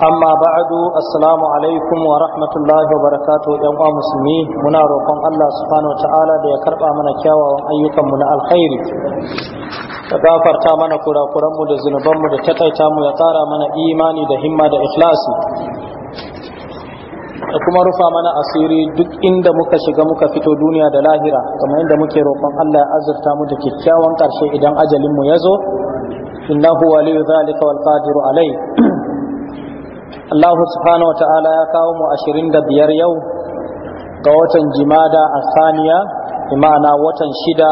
amma ba'adu assalamu alaikum wa rahmatullahi wa barakatuh yan uwa musulmi muna roƙon Allah subhanahu ta'ala da ya karba mana kyawawan ayyukan mu na alkhairi ya gafarta mana kurakuran mu da zunuban mu da ta'ita mu ya tsara mana imani da himma da ikhlasi da kuma rufa mana asiri duk inda muka shiga muka fito duniya da lahira kamar inda muke roƙon Allah ya azurta mu da kyakkyawan ƙarshe idan ajalin mu ya zo innahu waliyu zalika wal qadiru alayh Allah subhanahu wa ta'ala ya kawo mu ashirin da biyar yau ga watan jimada a saniya imana watan shida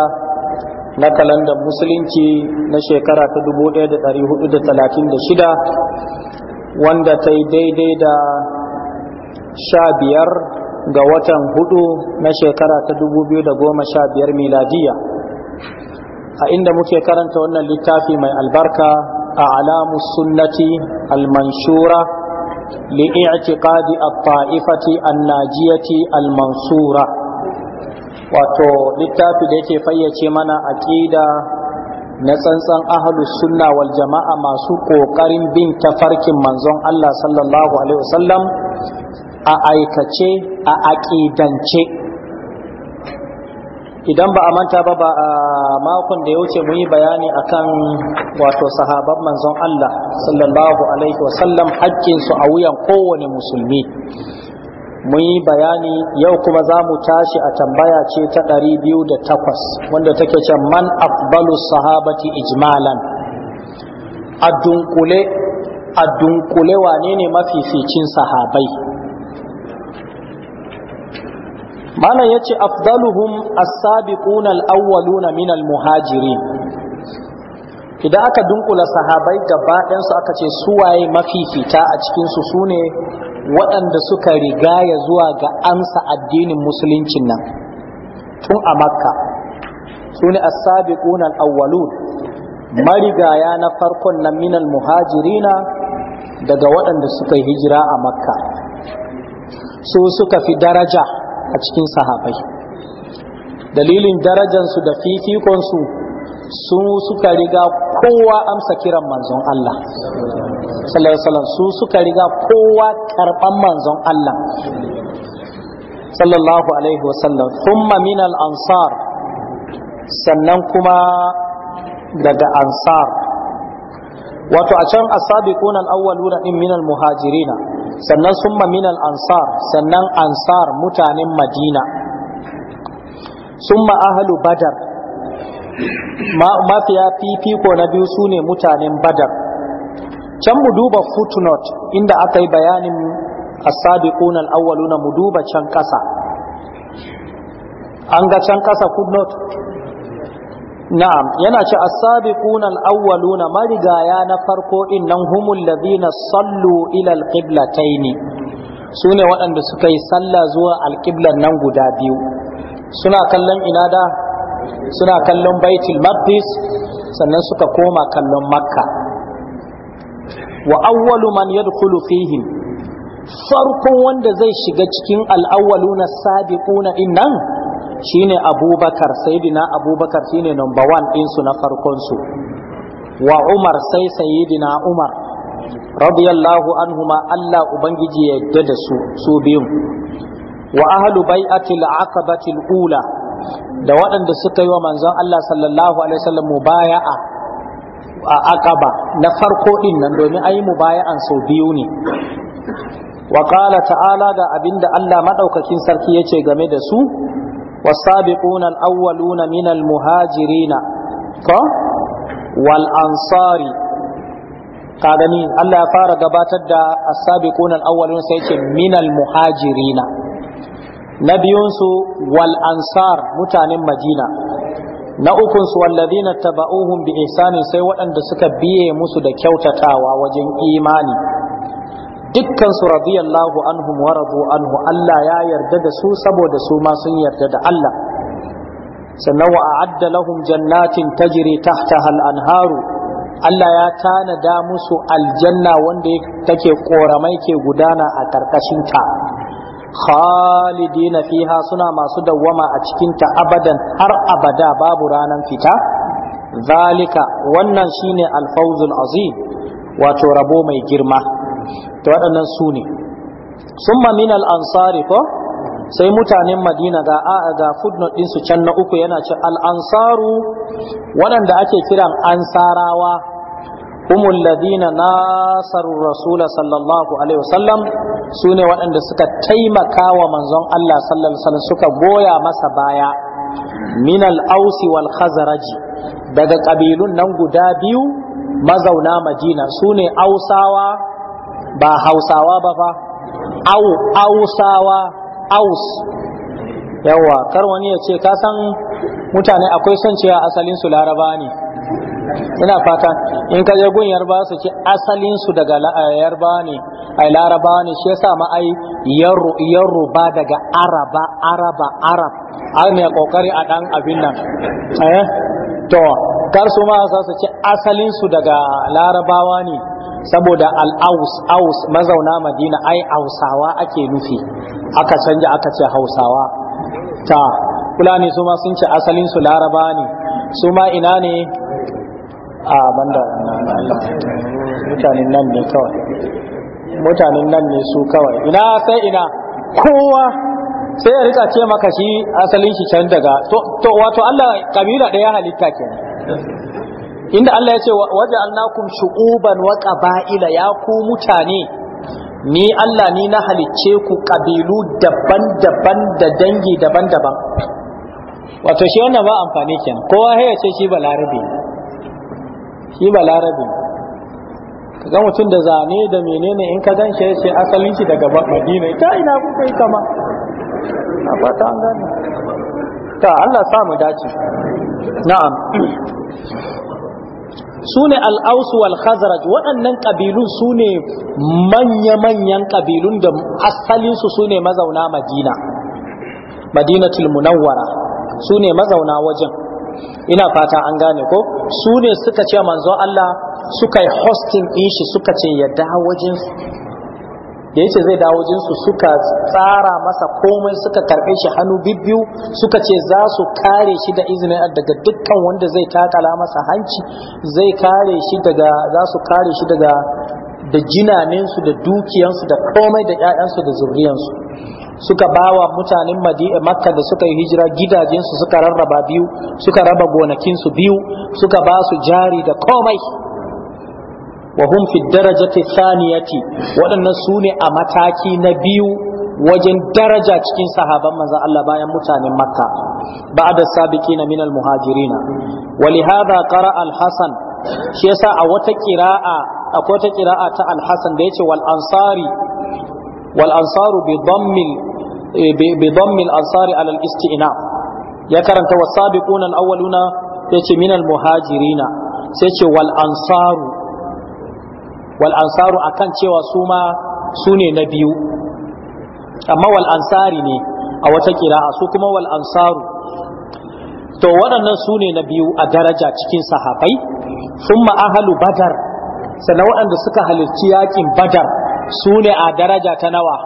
na kalandar musulunci na shekara ta 1436 wanda ta yi daidai da sha biyar ga watan hudu na shekara ta 2015 miladiya a inda muke karanta wannan littafi mai albarka a alamu sunnati al-manshura li'i'tiqadi at-ta'ifati an wato littafi da yake fayyace mana aƙida na tsantsan ahlus sunna wal jama'a masu ƙoƙarin bin tafarkin manzon Allah sallallahu alaihi wasallam a aikace a aƙidance. idan ba a manta ba ba a makon da ya wuce muyi yi bayani akan wato sahabban manzon Allah sallallahu alaihi hakkin su a wuyan kowane musulmi Muyi bayani yau kuma za mu tashi a tambaya ce ta 208 wanda take ce man afbalu sahabati ijmalan a dunkule a dunkule wane ne mafificin sahabai mana ya ce afdaluhum as-sabiquna al-awwaluna min al-muhajirin idan aka dunkula sahabai gaba ɗansu aka ce suwaye mafifita a cikinsu su ne waɗanda suka rigaya zuwa ga amsa addinin musuluncin nan tun a makka su ne as-sabiquna al-awwalun marigaya na farkon na min muhajirina daga waɗanda suka yi hijira a makka su suka fi daraja a cikin sahabai dalilin darajansu da fifikonsu su suka riga kowa amsa kiran manzon Allah sallallahu su suka riga kowa karban manzon Allah sallallahu alaihi wasallam thumma min al ansar sannan kuma daga ansar wato a can asabiqun al awwaluna min al muhajirina sannan summa minal ansar sannan ansar mutanen madina summa ahlu badar mafiya fifiko na biyu sune mutanen badar can mu duba footnote inda aka yi bayanin asabiqun al-awwaluna mu duba can kasa an ga can kasa footnote na'am yana ce as-sabiquna al-awwaluna marigaya na farko innan humul ladina sallu ila al su sune waɗanda suka yi sallah zuwa al nan guda biyu suna kallon inada, suna kallon baitul maqdis sannan suka koma kallon makka wa awwalu man yadkhulu fihim farkon wanda zai shiga cikin al-awwaluna as shine abubakar sayidina abubakar shine number one ɗinsu na farkonsu wa umar sai sayidina umar radiyallahu anhuma Allah ubangiji ya yadda da su su biyun wa ahlu bai'atil aqabatil ula da waɗanda suka yi wa manzon Allah sallallahu alaihi wasallam mubaya'a a aqaba na farko din nan domin ayi mubaya'an su biyu ne wa qala ta'ala ga abinda Allah madaukakin sarki yace game da su والسابقون الأولون من المهاجرين والأنصار قال مين الله فار قبات السابقون الأولون سيتي من المهاجرين نبيونس والأنصار متان مدينة نأكنس والذين اتبعوهم بإحسان سيوأن دسك بيه مسد كوتتاوا وجن إيماني dukkan su radiyallahu anhum wa radu anhu Allah ya yarda da su saboda su ma sun yarda da Allah sannan wa a'adda lahum jannatin tajri tahtaha al-anharu Allah ya tanada musu aljanna wanda take koramai ke gudana a karkashin ta khalidina fiha suna masu dawwama a cikin ta abadan har abada babu ranan fita zalika wannan shine alfawzul azim wato rabo mai girma to waɗannan su ne sun min al-ansari ko sai mutanen madina ga ga footnote ɗinsu can na uku yana ce al'ansaru waɗanda ake kiran ansarawa humul ladina nasaru rasula sallallahu alaihi wasallam su ne waɗanda suka taimaka wa manzon Allah sallallahu alaihi suka goya masa baya Minal ausi wal khazaraji daga kabilun nan guda biyu mazauna madina su ne ausawa ba hausawa ba fa au ausawa aus yawa kar wani ya ce ka san mutane akwai son cewa asalin su laraba ne ina fata in ka je gun yarba su ce asalin su daga eh, yarba ne ai laraba ne shi yasa ma ai yarru yarruba daga araba araba arab ai mai kokari a dan abin nan eh to kar su ma su ce asalin su daga larabawa ne saboda al'aus aus mazauna madina ai hausawa ake nufi aka canja aka ce hausawa ta fulani su ma sun ce asalin su laraba ne su ma ina ne a banda mutanen nan ne kawai mutanen nan ne su kawai ina sai ina kowa sai ya rika ce maka shi asalin shi can daga to wato Allah kabila ɗaya halitta kenan inda Allah ya ce waja'alnakum shu'uban wa qaba'ila ya ku mutane ni Allah ni na halicce ku kabilu daban-daban da dangi daban-daban wato shi wannan ba amfani kenan kowa ya ce shi balarabi shi balarabi kaga mutum da zane da menene in ka gan shi ya ce asalin shi daga Madina ta ina kuka yi kama na fata an gane ta Allah sa mu dace na'am Sune al al'ausu wal khazraj waɗannan ƙabilun sune ne manya-manyan ƙabilun da asalinsu su ne mazauna madina madinatul munawwara su ne mazauna wajen ina fata an gane ko sune ne suka ce manzo Allah suka yi hostin ɗin shi suka ce ya dawo wajen da yace zai dawo jinsu suka tsara masa komai suka karbe shi hannu bibbiyu suka ce za su kare shi da izinin daga dukkan wanda zai takala masa hanci zai kare shi daga za su kare shi daga da jinaninsu da dukiyansu da komai da ƴaƴansu da zurriyansu suka bawa mutanen makka da suka yi hijira gidajensu suka rarraba biyu suka raba gonakinsu biyu suka ba su jari da komai wa hum fi darajati thaniyati waɗannan su a mataki na biyu wajen daraja cikin sahaban maza Allah bayan mutanen Makka ba'da sabiqina min al-muhajirin wa li hadha qara'a al-Hasan shi yasa a wata qira'a akwai wata qira'a ta al da yace wal ansari wal ansaru bi dhammil e, bi ansari ala al-isti'na ya karanta wasabiquna al-awwaluna yace min al-muhajirina sai ce wal ansaru Wal'ansaru a akan cewa su ma su ne na biyu amma wal'ansari ne a wata kira'a su kuma wal'ansaru. to waɗannan su ne na biyu a daraja cikin sahabai sun ma'ahalu badar sannan waɗanda suka halarci yakin badar su ne a daraja ta nawa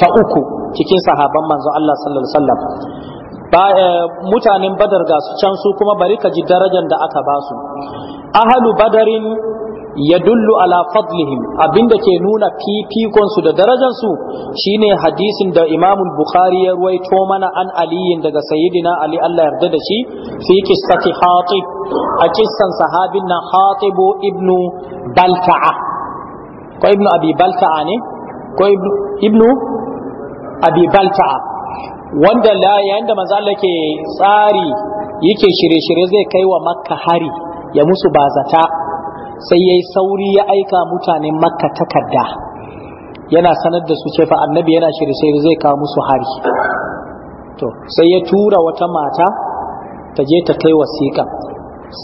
ta uku cikin sahaban manzo Allah sallallahu eh, mutanen badar ga su can su kuma bari ka ji darajar da aka ba su ahalu badarin yadullu ala fadlihim abinda ke nuna fifikonsu da darajarsu shine hadisin da Imam Bukhari ya ruwaito mana an aliyin daga sayyidina Ali Allah yarda da shi fi qissati Hatib a kissan sahabin na Hatib ibn Balta'a ko ibn Abi Balta'a ne ko ibn Abi Balta'a wanda la yayin manzo Allah ke tsari yake shirye-shirye zai kai wa Makka hari ya musu bazata sai yayi sauri ya aika mutane makka takarda yana sanar da su ce annabi yana shirye sai zai kawo musu hari to sai ya tura wata mata ta je ta kai wasiƙa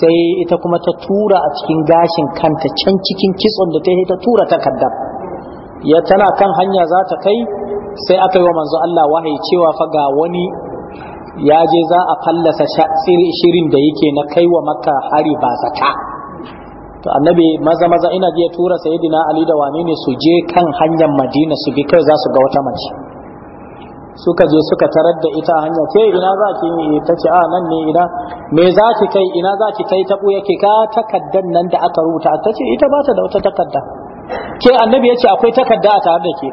sai ita kuma ta tura a cikin gashin kanta can cikin kitson da ta yi ta tura takardar ya tana kan hanya za ta kai sai aka yi wa manzo Allah wahayi cewa fa ga wani ya je za a fallasa shirin da yake na kai wa makka hari ba zata to annabi maza maza ina je tura sayyidina ali da wane ne su je kan hanyar madina su bi kai za su ga wata mace suka je suka tarar da ita a hanya ke ina za ki ta ce a ah, nan ne ina me za ki kai ina za ki kai ta tabo yake ka takaddan nan da aka rubuta ta ce ita ba ta da wata takadda ke annabi ya ce akwai takadda a tare da ke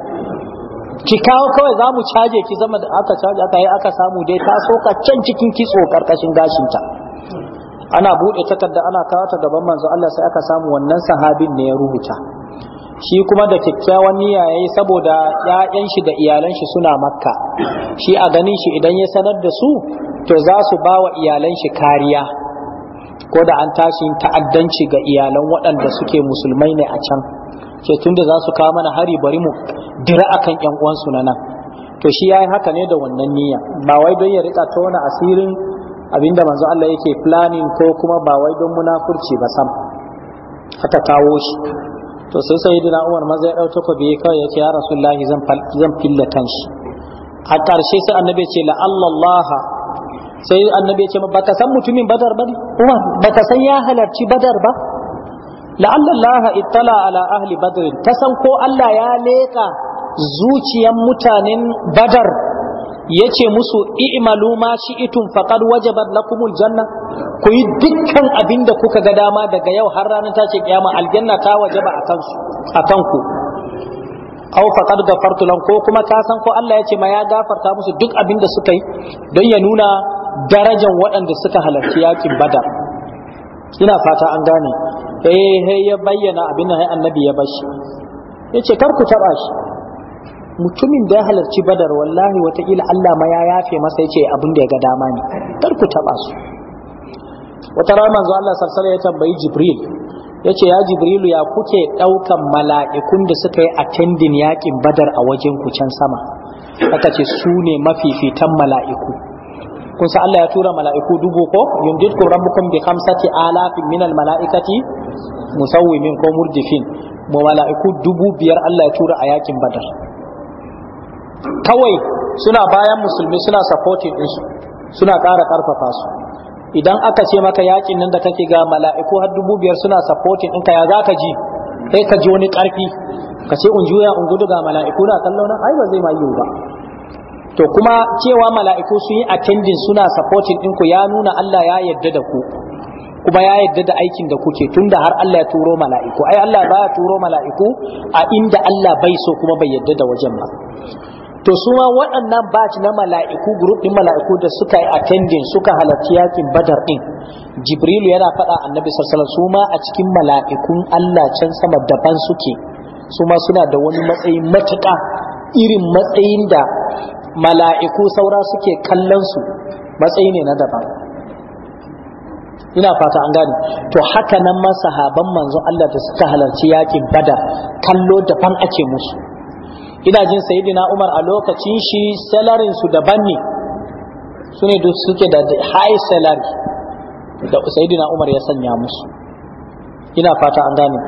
ki kawo kawai za mu caje ki zama da aka caje aka yi aka samu dai ta soka can cikin kitso karkashin gashinta ana buɗe takarda ana kawo ta gaban manzo Allah sai aka samu wannan sahabin ne ya rubuta shi kuma da kyakkyawan niyya yayi saboda ƴaƴan shi da iyalan shi suna makka shi a ganin shi idan ya sanar da su to za su ba wa iyalan shi kariya ko da an tashi ta'addanci ga iyalan waɗanda suke musulmai ne a can ke tunda za su kawo mana hari bari mu dira akan ƴan uwansu na nan to shi yayi haka ne da wannan niyya ba wai don ya rika tona asirin abinda manzo Allah yake planning ko kuma ba wai don munafurci ba sam aka kawo shi to sai sayyidina Umar maza ya dauka biye kawai yake ya Rasulullahi zan zan filla kanshi a karshe sai annabi ya ce la Allah sai annabi ya ce ka san mutumin badar ba ne Umar ka san ya halarci badar ba la Allah ittala ala ahli badr ta san ko Allah ya leka zuciyan mutanen badar yace musu i'malu ma shi'tum faqad wajabat lakumul janna ku yi dukkan abinda kuka ga dama daga yau har ranar tashi kiyama aljanna ta wajaba akan su akan ku aw faqad gafartu lan ko kuma ka san ko Allah yace ma ya gafarta musu duk abinda suka yi don ya nuna darajar waɗanda suka halarci yakin badar ina fata an gane eh ya bayyana abin da annabi ya bashi yace kar ku taba shi mutumin da ya halarci badar wallahi wataƙila Allah ma ya yafe masa ya abin da ya ga dama ne kar ku taɓa su wata rana manzo Allah sarsara ya tambayi Jibril yace ya Jibrilu ya kuke ɗaukan mala'ikun da suka yi attendin yakin badar a wajen ku can sama aka ce su ne mafifitan mala'iku kun sa Allah ya tura mala'iku dubu ko yundidkum rabbukum bi khamsati alafin minal mala'ikati musawwimin ko murdifin mu mala'iku dubu biyar Allah ya tura a yakin badar kawai suna bayan musulmi suna supporting ɗinsu suna ƙara ƙarfafa su idan aka ce maka yakin nan da kake ga mala'iku har dubu biyar suna supporting ɗinka ya za ka ji sai ka ji wani ƙarfi ka ce unjuya in gudu ga mala'iku na kallo na ai ba zai ma yiwu ba to kuma cewa mala'iku sun yi attending suna supporting ɗinku ya nuna Allah ya yarda da ku kuma ya yarda da aikin da kuke da har Allah ya turo mala'iku ai Allah ba ya turo mala'iku a inda Allah bai so kuma bai yarda da wajen ba to su ma waɗannan batch na mala'iku group din mala'iku da suka yi attending suka halarci yakin badar din jibrilu yana faɗa annabi sallallahu su ma a cikin mala'ikun Allah can sama daban suke su ma suna da wani matsayi matuƙa irin matsayin da mala'iku saura suke kallon su matsayi ne na daban ina fata an gane to haka nan ma sahaban manzon Allah da suka halarci yakin badar kallo daban ake musu ina jin Umar a lokacin shi salarin su daban ne su ne duk suke da high salary da sayidina Umar ya sanya musu ina fata an gane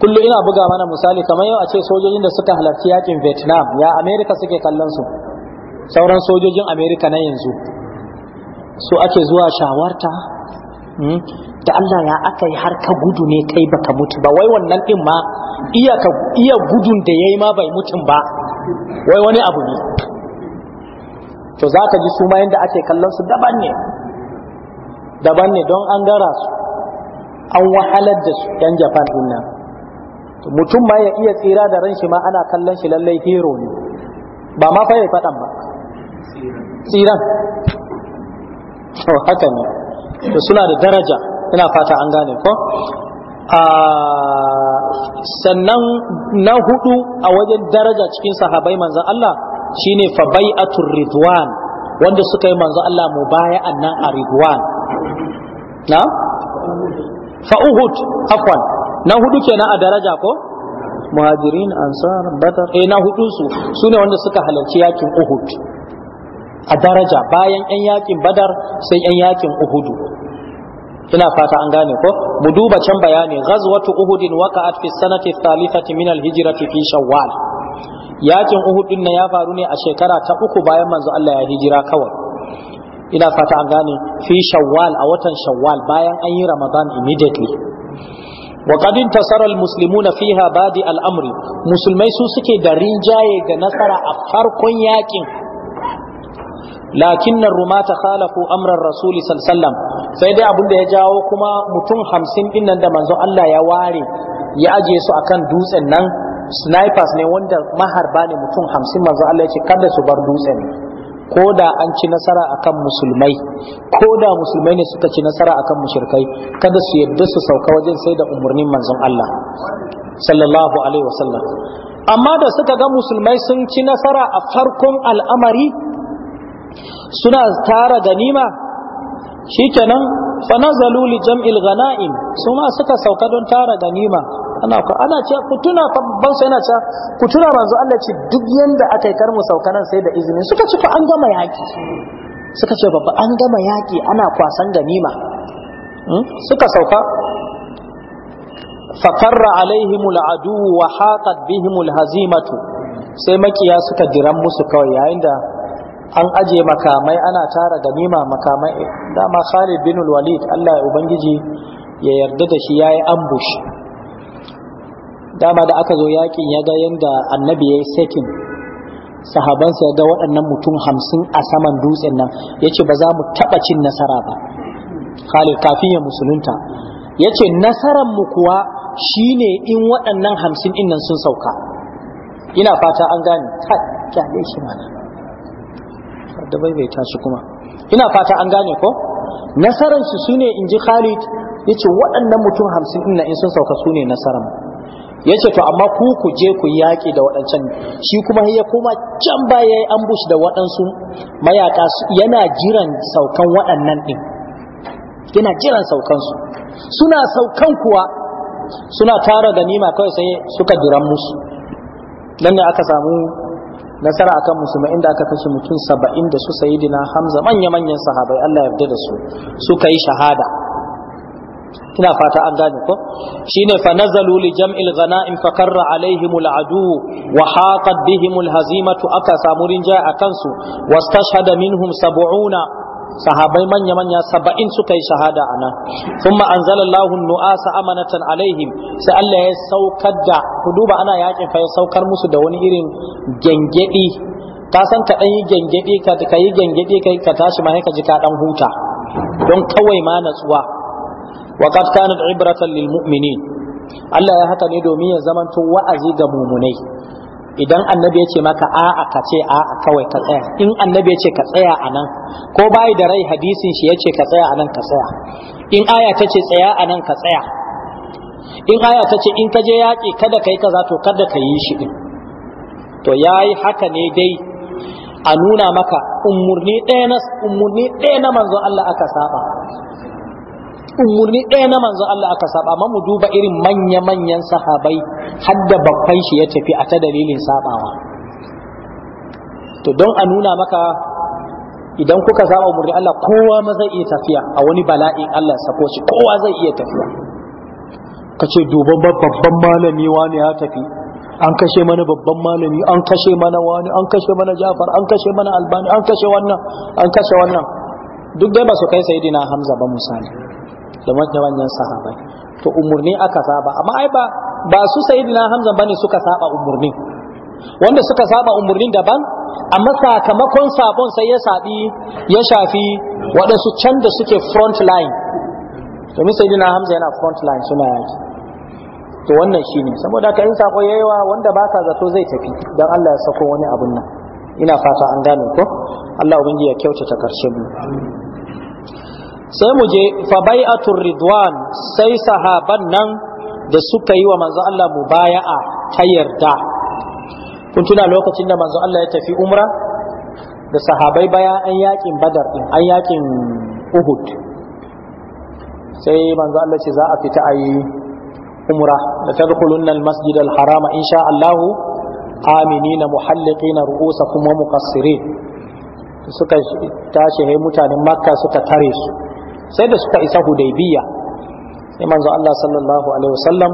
kullum ina buga mana misali kamar yau a ce sojojin da suka halarci yakin Vietnam ya America suke kallon su sauran sojojin Amerika na yanzu su ake zuwa shawarta Hmm? da Allah ya aka yi har ka gudu ne kai baka mutu ba wai wannan din ma iya ka iya gudun da yayi ma bai mutun ba wai wani abu ne to za ka ji su ma yanda ake kallon su daban ne daban ne don an gara su an wahalar da su yan Japan din nan mutum ma ya iya tsira da ran shi ma ana kallon shi lallai hero ne ba ma fa ya fadan ba tsiran to haka ne da suna da daraja ina fata an gane ko sannan na hudu a wajen daraja cikin sahabai manzan Allah shine fa bai'atul ridwan wanda suka yi manzan Allah mu mubaya'an nan a ridwan na fa uhud afwan na hudu kenan a daraja ko muhajirin ansar badar eh na hudu su sune wanda suka halarci yakin uhud a daraja bayan 'yan yakin badar sai 'yan yakin uhudu ina fata an gane ko mu duba can bayani ghazwatu uhudin waqa'at fi sanati thalithati min al-hijrati fi shawwal yakin uhud ya faru ne a shekara ta uku bayan manzo Allah ya hijira kawai ina fata an gane fi shawwal a watan shawwal bayan an yi ramadan immediately wa qad intasara almuslimuna fiha badi al-amri musulmai su suke da rinjaye ga nasara a farkon yakin lakin rumata khalafu amran rasuli sallallahu sai dai abun da ya jawo kuma mutum hamsin din nan da manzo Allah ya ware ya aje su akan dutsen nan snipers ne wanda maharba ne mutum hamsin manzo Allah ya ce kada su bar dutsen ko da an ci nasara akan musulmai ko da musulmai ne suka ci nasara akan mushrikai kada su yadda su sauka wajen sai da umarnin manzon Allah sallallahu alaihi wasallam amma da suka ga musulmai sun ci nasara a farkon al'amari suna tara ganima shikenan fa nazalu li jam'il ghanaim su ma suka sauka don tara ganima ana ku ana ce ku tuna babban sai na ce ku tuna manzo Allah ce duk yanda aka yi karmu sauka nan sai da izini suka ce fa an gama yaki suka ce babba an gama yaki ana kwasan ganima hmm? suka sauka فقر عليهم العدو وحاقت بهم الهزيمة sai makiya suka giran musu kawai yayin da an aje makamai ana tara ganima makamai dama Khalid bin Walid Allah ya ubangiji ya yarda da shi yayi ambush dama da aka zo yakin ya ga yanda annabi yayi sakin sahabansa ya ga waɗannan mutum hamsin a saman dutsen nan yace ce ba za mu taɓa cin nasara ba Khalid kafin ya musulunta yace ce mu kuwa shine in waɗannan hamsin ɗin nan sun sauka ina fata an gane kai kyale shi mana da bai tashi kuma ina fata an gane ko nasaran su shine in ji Khalid yace waɗannan mutum hamsin ɗin in sun sauka su nasaran yace to amma ku ku je ku yaƙi da waɗancan shi kuma ya koma can baya yayi ambush da waɗansu mayaka yana jiran saukan waɗannan ɗin yana jiran saukan suna saukan kuwa suna tara ganima kawai sai suka jiran musu dan ne aka samu nasara akan musulmai inda aka kashe mutum saba'in da su sayidina hamza manya-manyan sahabai Allah yarda da su suka yi shahada ina fata an gane ko shine fa nazalu li jam'il ghanaim fa karra alaihim al adu wa haqat bihim al hazimatu aka samu rinja akan su wastashhada minhum sab'una sahabai manya-manya saba'in suka yi shahada a nan sun ma'anzalallahu nu'asa amanatan alaihim sai Allah ya saukar da ku duba ana yakin fa ya saukar musu da wani irin gengedi ka san ka yi gengedi ka yi gengedi ka ka tashi ma ka ji ka dan huta don kawai ma natsuwa wa qad kanat ibratan lil mu'minin Allah ya haka ne domin ya zamanto wa'azi ga mumunai idan annabi ya ce maka a'a ka ce a'a kawai ka tsaya in annabi ya ce ka tsaya a nan ko bai da rai hadisin shi ya ce ka tsaya a nan ka tsaya in aya ta ce tsaya a nan ka tsaya in aya ta ce in ka je yaƙi kada ka yi kaza to kada ka yi shi din to ya yi haka ne dai a nuna maka ɗaya na umurni ɗaya na manzo Allah aka saba umarni ɗaya na manzo Allah aka saba amma mu duba irin manya-manyan sahabai hadda babban shi ya tafi a ta dalilin sabawa to don a nuna maka idan kuka saba umarni Allah kowa ma zai iya tafiya a wani bala'in Allah sako shi kowa zai iya tafiya ka ce duban babban malami wani ya tafi an kashe mana babban malami an kashe mana wani an kashe mana jafar an kashe mana albani an kashe wannan an kashe wannan duk dai ba su kai sayidina hamza ba musali da wannan sahabai to umurni aka saba amma ai ba ba su sayyidina hamza bane suka saba umurni wanda suka saba umurni daban amma sakamakon sabon sai ya sabi ya shafi waɗansu can da suke front line domin sayyidina hamza yana front line suna yaki to wannan shine saboda ka in sako yayawa wanda ba ka zato zai tafi dan Allah ya sako wani abun nan ina fata an gane ko Allah ubangi ya kyautata karshen mu sai mu je fabai'atul ridwan sai sahaban nan da suka yi wa manzo Allah baya'a ta yarda kun tuna lokacin da manzo Allah ya tafi umra da sahabai bayan an yakin badar din an yakin uhud sai manzo Allah ce za a fita ayi umra da tadkhulunna al-masjid harama insha Allah aminina muhalliqina ru'usakum wa muqassirin suka tashi hai mutanen makka suka tare su sai da suka isa hudaybiya sai manzo Allah sallallahu alaihi wasallam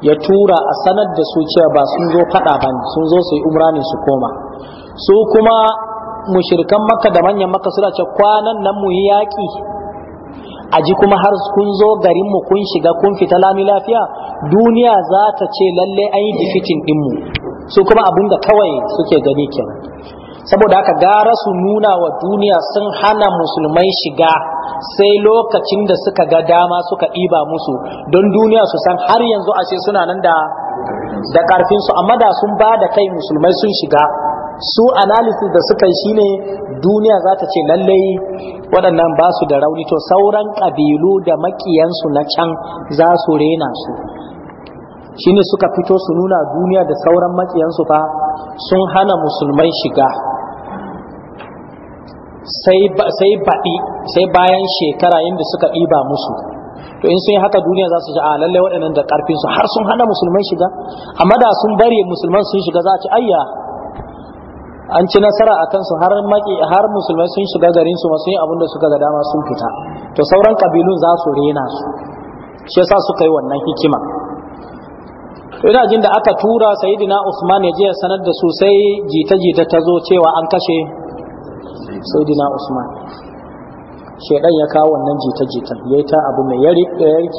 ya tura a sanar da su cewa ba sun zo fada ba sun zo su yi umra ne su koma su kuma mushrikan makka da manyan makka suna ce kwanan nan mu yi yaƙi a ji kuma har kun zo garin mu kun shiga kun fita lami lafiya duniya za ta ce lalle an yi difitin dinmu su kuma da kawai suke gani kenan saboda haka gara su nuna wa duniya sun hana musulmai shiga sai lokacin da suka ga dama suka ɗiba musu don duniya su san har yanzu ashe suna nan da da ƙarfinsu amma da sun ba da kai musulmai sun shiga su analysis da suka yi shine duniya za ta ce lallai waɗannan ba su da rauni to sauran ƙabilu da maƙiyansu na can za su rena su shine suka fito su nuna duniya da sauran maƙiyansu fa sun hana musulmai shiga sai baɗi sai bayan shekara yadda suka ɗiba musu to in sun yi haka duniya za su ji a ah, lallai waɗannan da ƙarfinsu har sun hana musulman shiga amma da sun bari musulman sun shiga za a ci ayya an ci nasara a kansu har maki har musulmai sun shiga garin su masu yi abin da suka ga dama sun fita to sauran kabilun za su rena su shi yasa suka yi wannan hikima to ina jin da aka tura sayyidina Usman ya je ya sanar da su sai jita-jita ta zo cewa an kashe Saidina usman shedan ya kawo wannan jita jita ya ta abu mai yarki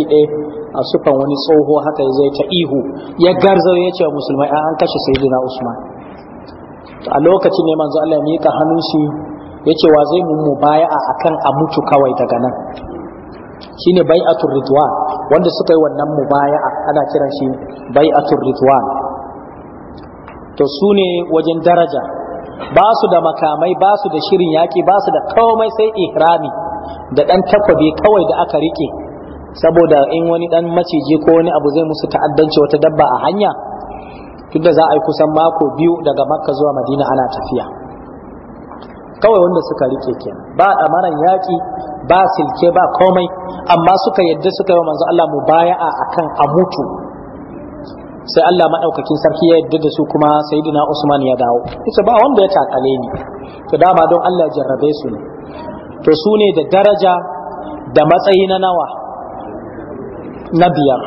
ɗaya a sufan wani tsoho haka zai ta ihu ya garza ya ce musulmai an kashe dina usman a lokacin ne manzo Allah ya miƙa hannun shi ya ce wa zai mu baya'a akan a mutu kawai daga nan shine bai'atul ridwan wanda suka yi wannan mubaya'a ana kiran shi bai'atul ridwan to su ne wajen daraja ba su da makamai ba su da shirin yaƙi ba su da komai sai ihrami da ɗan takwabi kawai da aka rike saboda in wani ɗan maciji ko wani abu zai musu ta'addanci wata dabba a hanya tunda za a yi kusan mako biyu daga makka zuwa madina ana tafiya kawai wanda suka rike ke ba ɗamaran yaƙi ba silke ba komai amma suka yadda suka yi wa manzo Allah a akan a mutu sai Allah maɗaukakin sarki ya yadda da su kuma sayyidina Usman ya dawo ita ba wanda ya takale ni to dama don Allah ya jarrabe su ne to su ne da daraja da matsayi na nawa na biyar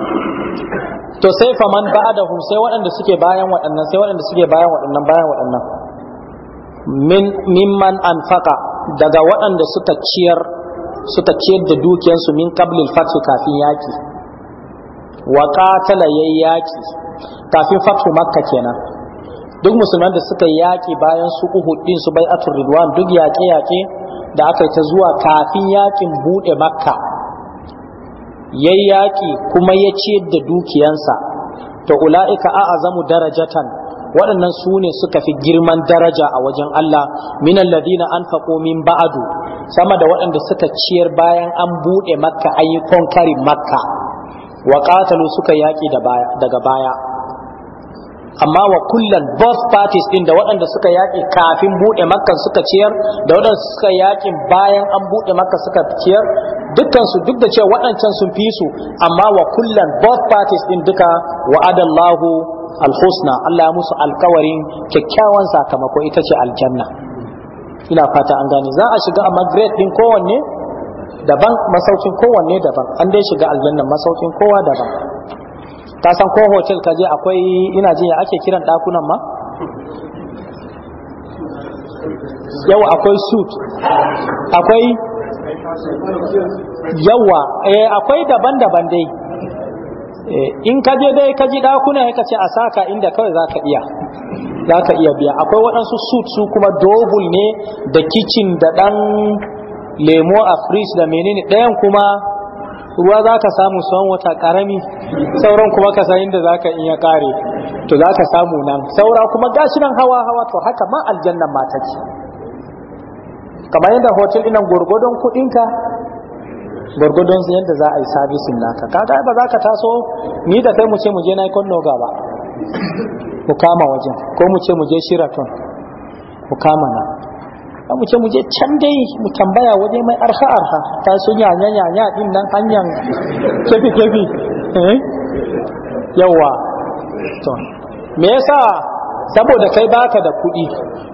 to sai faman hu, sai waɗanda suke bayan waɗannan sai waɗanda suke bayan waɗannan bayan waɗannan min mimman anfaqa daga waɗanda suka ciyar suka ciyar da dukiyarsu min qablil fathi kafin yaki wa qatala yayyaki kafin fatu makka kenan duk musulman da suka yi yaƙi bayan su uhud din su bai atur ridwan duk yaƙe-yaƙe da aka yi ta zuwa kafin yaƙin buɗe makka ya yaƙi kuma ya ciyar da dukiyansa to ula'ika a azamu darajatan waɗannan su ne suka fi girman daraja a wajen Allah minan ladina an min ba'adu sama da waɗanda suka ciyar bayan an buɗe makka an yi makka wa suka yaƙi daga baya amma wa kullum both parties din da waɗanda suka yaƙi kafin buɗe makka suka ciyar da waɗanda suka yaƙi bayan an buɗe makka suka ciyar dukkansu duk da cewa waɗancan sun fi su amma wa kullum both parties din duka wa'adallahu alhusna Allah musu alkawarin kyakkyawan sakamako ita ce aljanna ina fata an gane za a shiga amma grade din kowanne daban masaukin kowanne daban an dai shiga aljanna masaukin kowa daban ka san ko hotel ka je akwai ina jin ya ake kiran dakunan ma yawa akwai suit akwai yawa eh akwai daban-daban dai eh, in ka je dai ka ji dakuna ya ce a saka inda kawai za ka iya za ka iya biya akwai waɗansu suit su kuma double ne da kicin da ɗan lemo a fridge da menene ɗayan kuma ruwa za ka samu tsawon wata karami sauran kuma ka san inda za ka iya kare to za ka samu nan saura kuma gashi nan hawa hawa to haka ma aljannan mata ce kamar yadda hotel ɗinan gwargwadon kuɗinka gwargwadon yadda za a yi sabisin naka kaga ba za ka taso ni da kai mu ce mu je na ikon noga ba mu kama wajen ko mu ce mu je shiraton mu kama nan an mu ce je can dai mu tambaya waje mai arha arha ta sun yanya yanya din nan hanyar kefi kefi eh yawa to me yasa saboda kai baka da kuɗi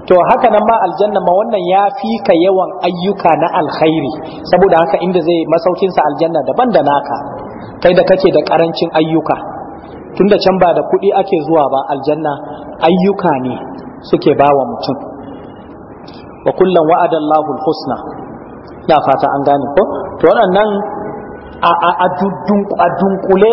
to haka nan ma aljanna ma wannan ya fi ka yawan ayyuka na alkhairi saboda haka inda zai masaukin sa aljanna daban da naka kai da kake da karancin ayyuka tunda can ba da kuɗi ake zuwa ba aljanna ayyuka ne suke bawa mutum wa kullum wa'adan lahul husna na fata an gane ko to waɗannan a dunkule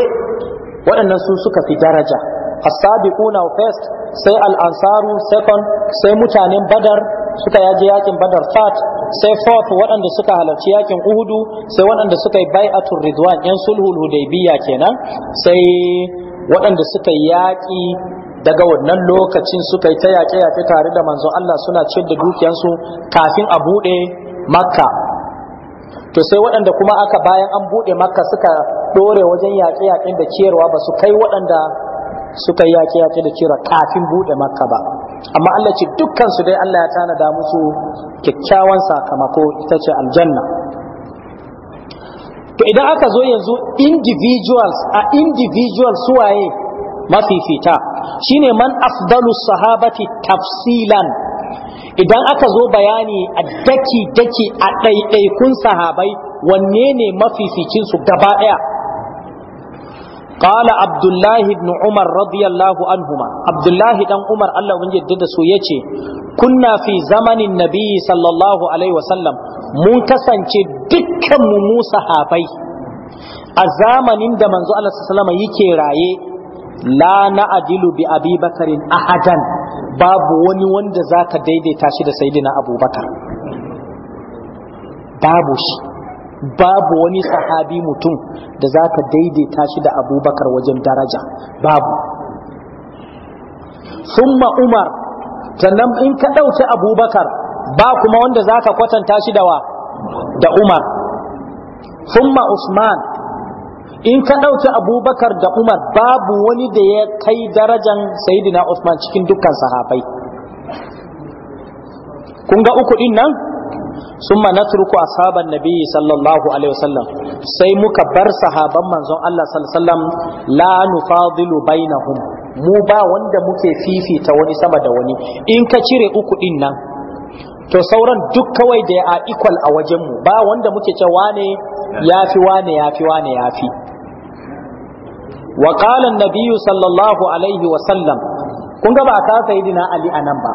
waɗannan su suka fi daraja as-sabiquna first sai al-ansaru second sai mutanen badar suka yaji yakin badar fat sai fourth waɗanda suka halarci yakin uhudu sai waɗanda suka yi bai'atul ridwan yan sulhul hudaybiya kenan sai waɗanda suka yaƙi daga wannan lokacin suka yi ta yaƙe-yaƙe tare da manzon Allah suna ciyar da dukiyansu kafin a buɗe makka to sai waɗanda kuma aka bayan an buɗe makka suka ɗore wajen yaƙe-yaƙen da ciyarwa ba su kai waɗanda suka yi yaƙe-yaƙe da ciyarwa kafin buɗe makka ba amma Allah ce dukkansu dai Allah ya tanada musu kyakkyawan sakamako ita ce aljanna to idan aka zo yanzu individuals a individual suwaye mafifita shine man afdalu sahabati tafsilan idan aka zo bayani a daki daki a ɗaiɗaikun sahabai wanne ne mafificin su gaba ɗaya qala abdullahi ibn umar radiyallahu anhuma abdullahi dan umar Allah mun yarda yace kunna fi zamanin nabi sallallahu alaihi wasallam mun kasance dukkan mu mu sahabai a zamanin da manzo Allah sallallahu alaihi yake raye Lana na adilu bi abi bakarin ahadan babu wani wanda za ka daidaita shi da sayidina abubakar babu shi babu wani sahabi mutum da za ka daidaita shi da abubakar wajen daraja babu summa umar sannan in ka ɗauki abubakar ba kuma wanda zaka kwatanta shi da wa da umar Fumma usman in ka ɗauki abubakar da umar babu wani da ya kai darajan sayidina usman cikin dukkan sahabai kun ga uku ɗin nan sun ma natruku ashaban nabi sallallahu alaihi wasallam sai muka bar sahaban manzon Allah sallallahu alaihi wasallam la nufadilu bainahum mu ba wanda muke fifita wani sama da wani in ka cire uku ɗin nan to sauran duk kawai da ya a equal a wajenmu ba wanda muke cewa ne Yafi wane yafi wane yafi fi wa qala nabiyyu sallallahu alaihi wa sallam kun ga ba ka sayyidina ali anan ba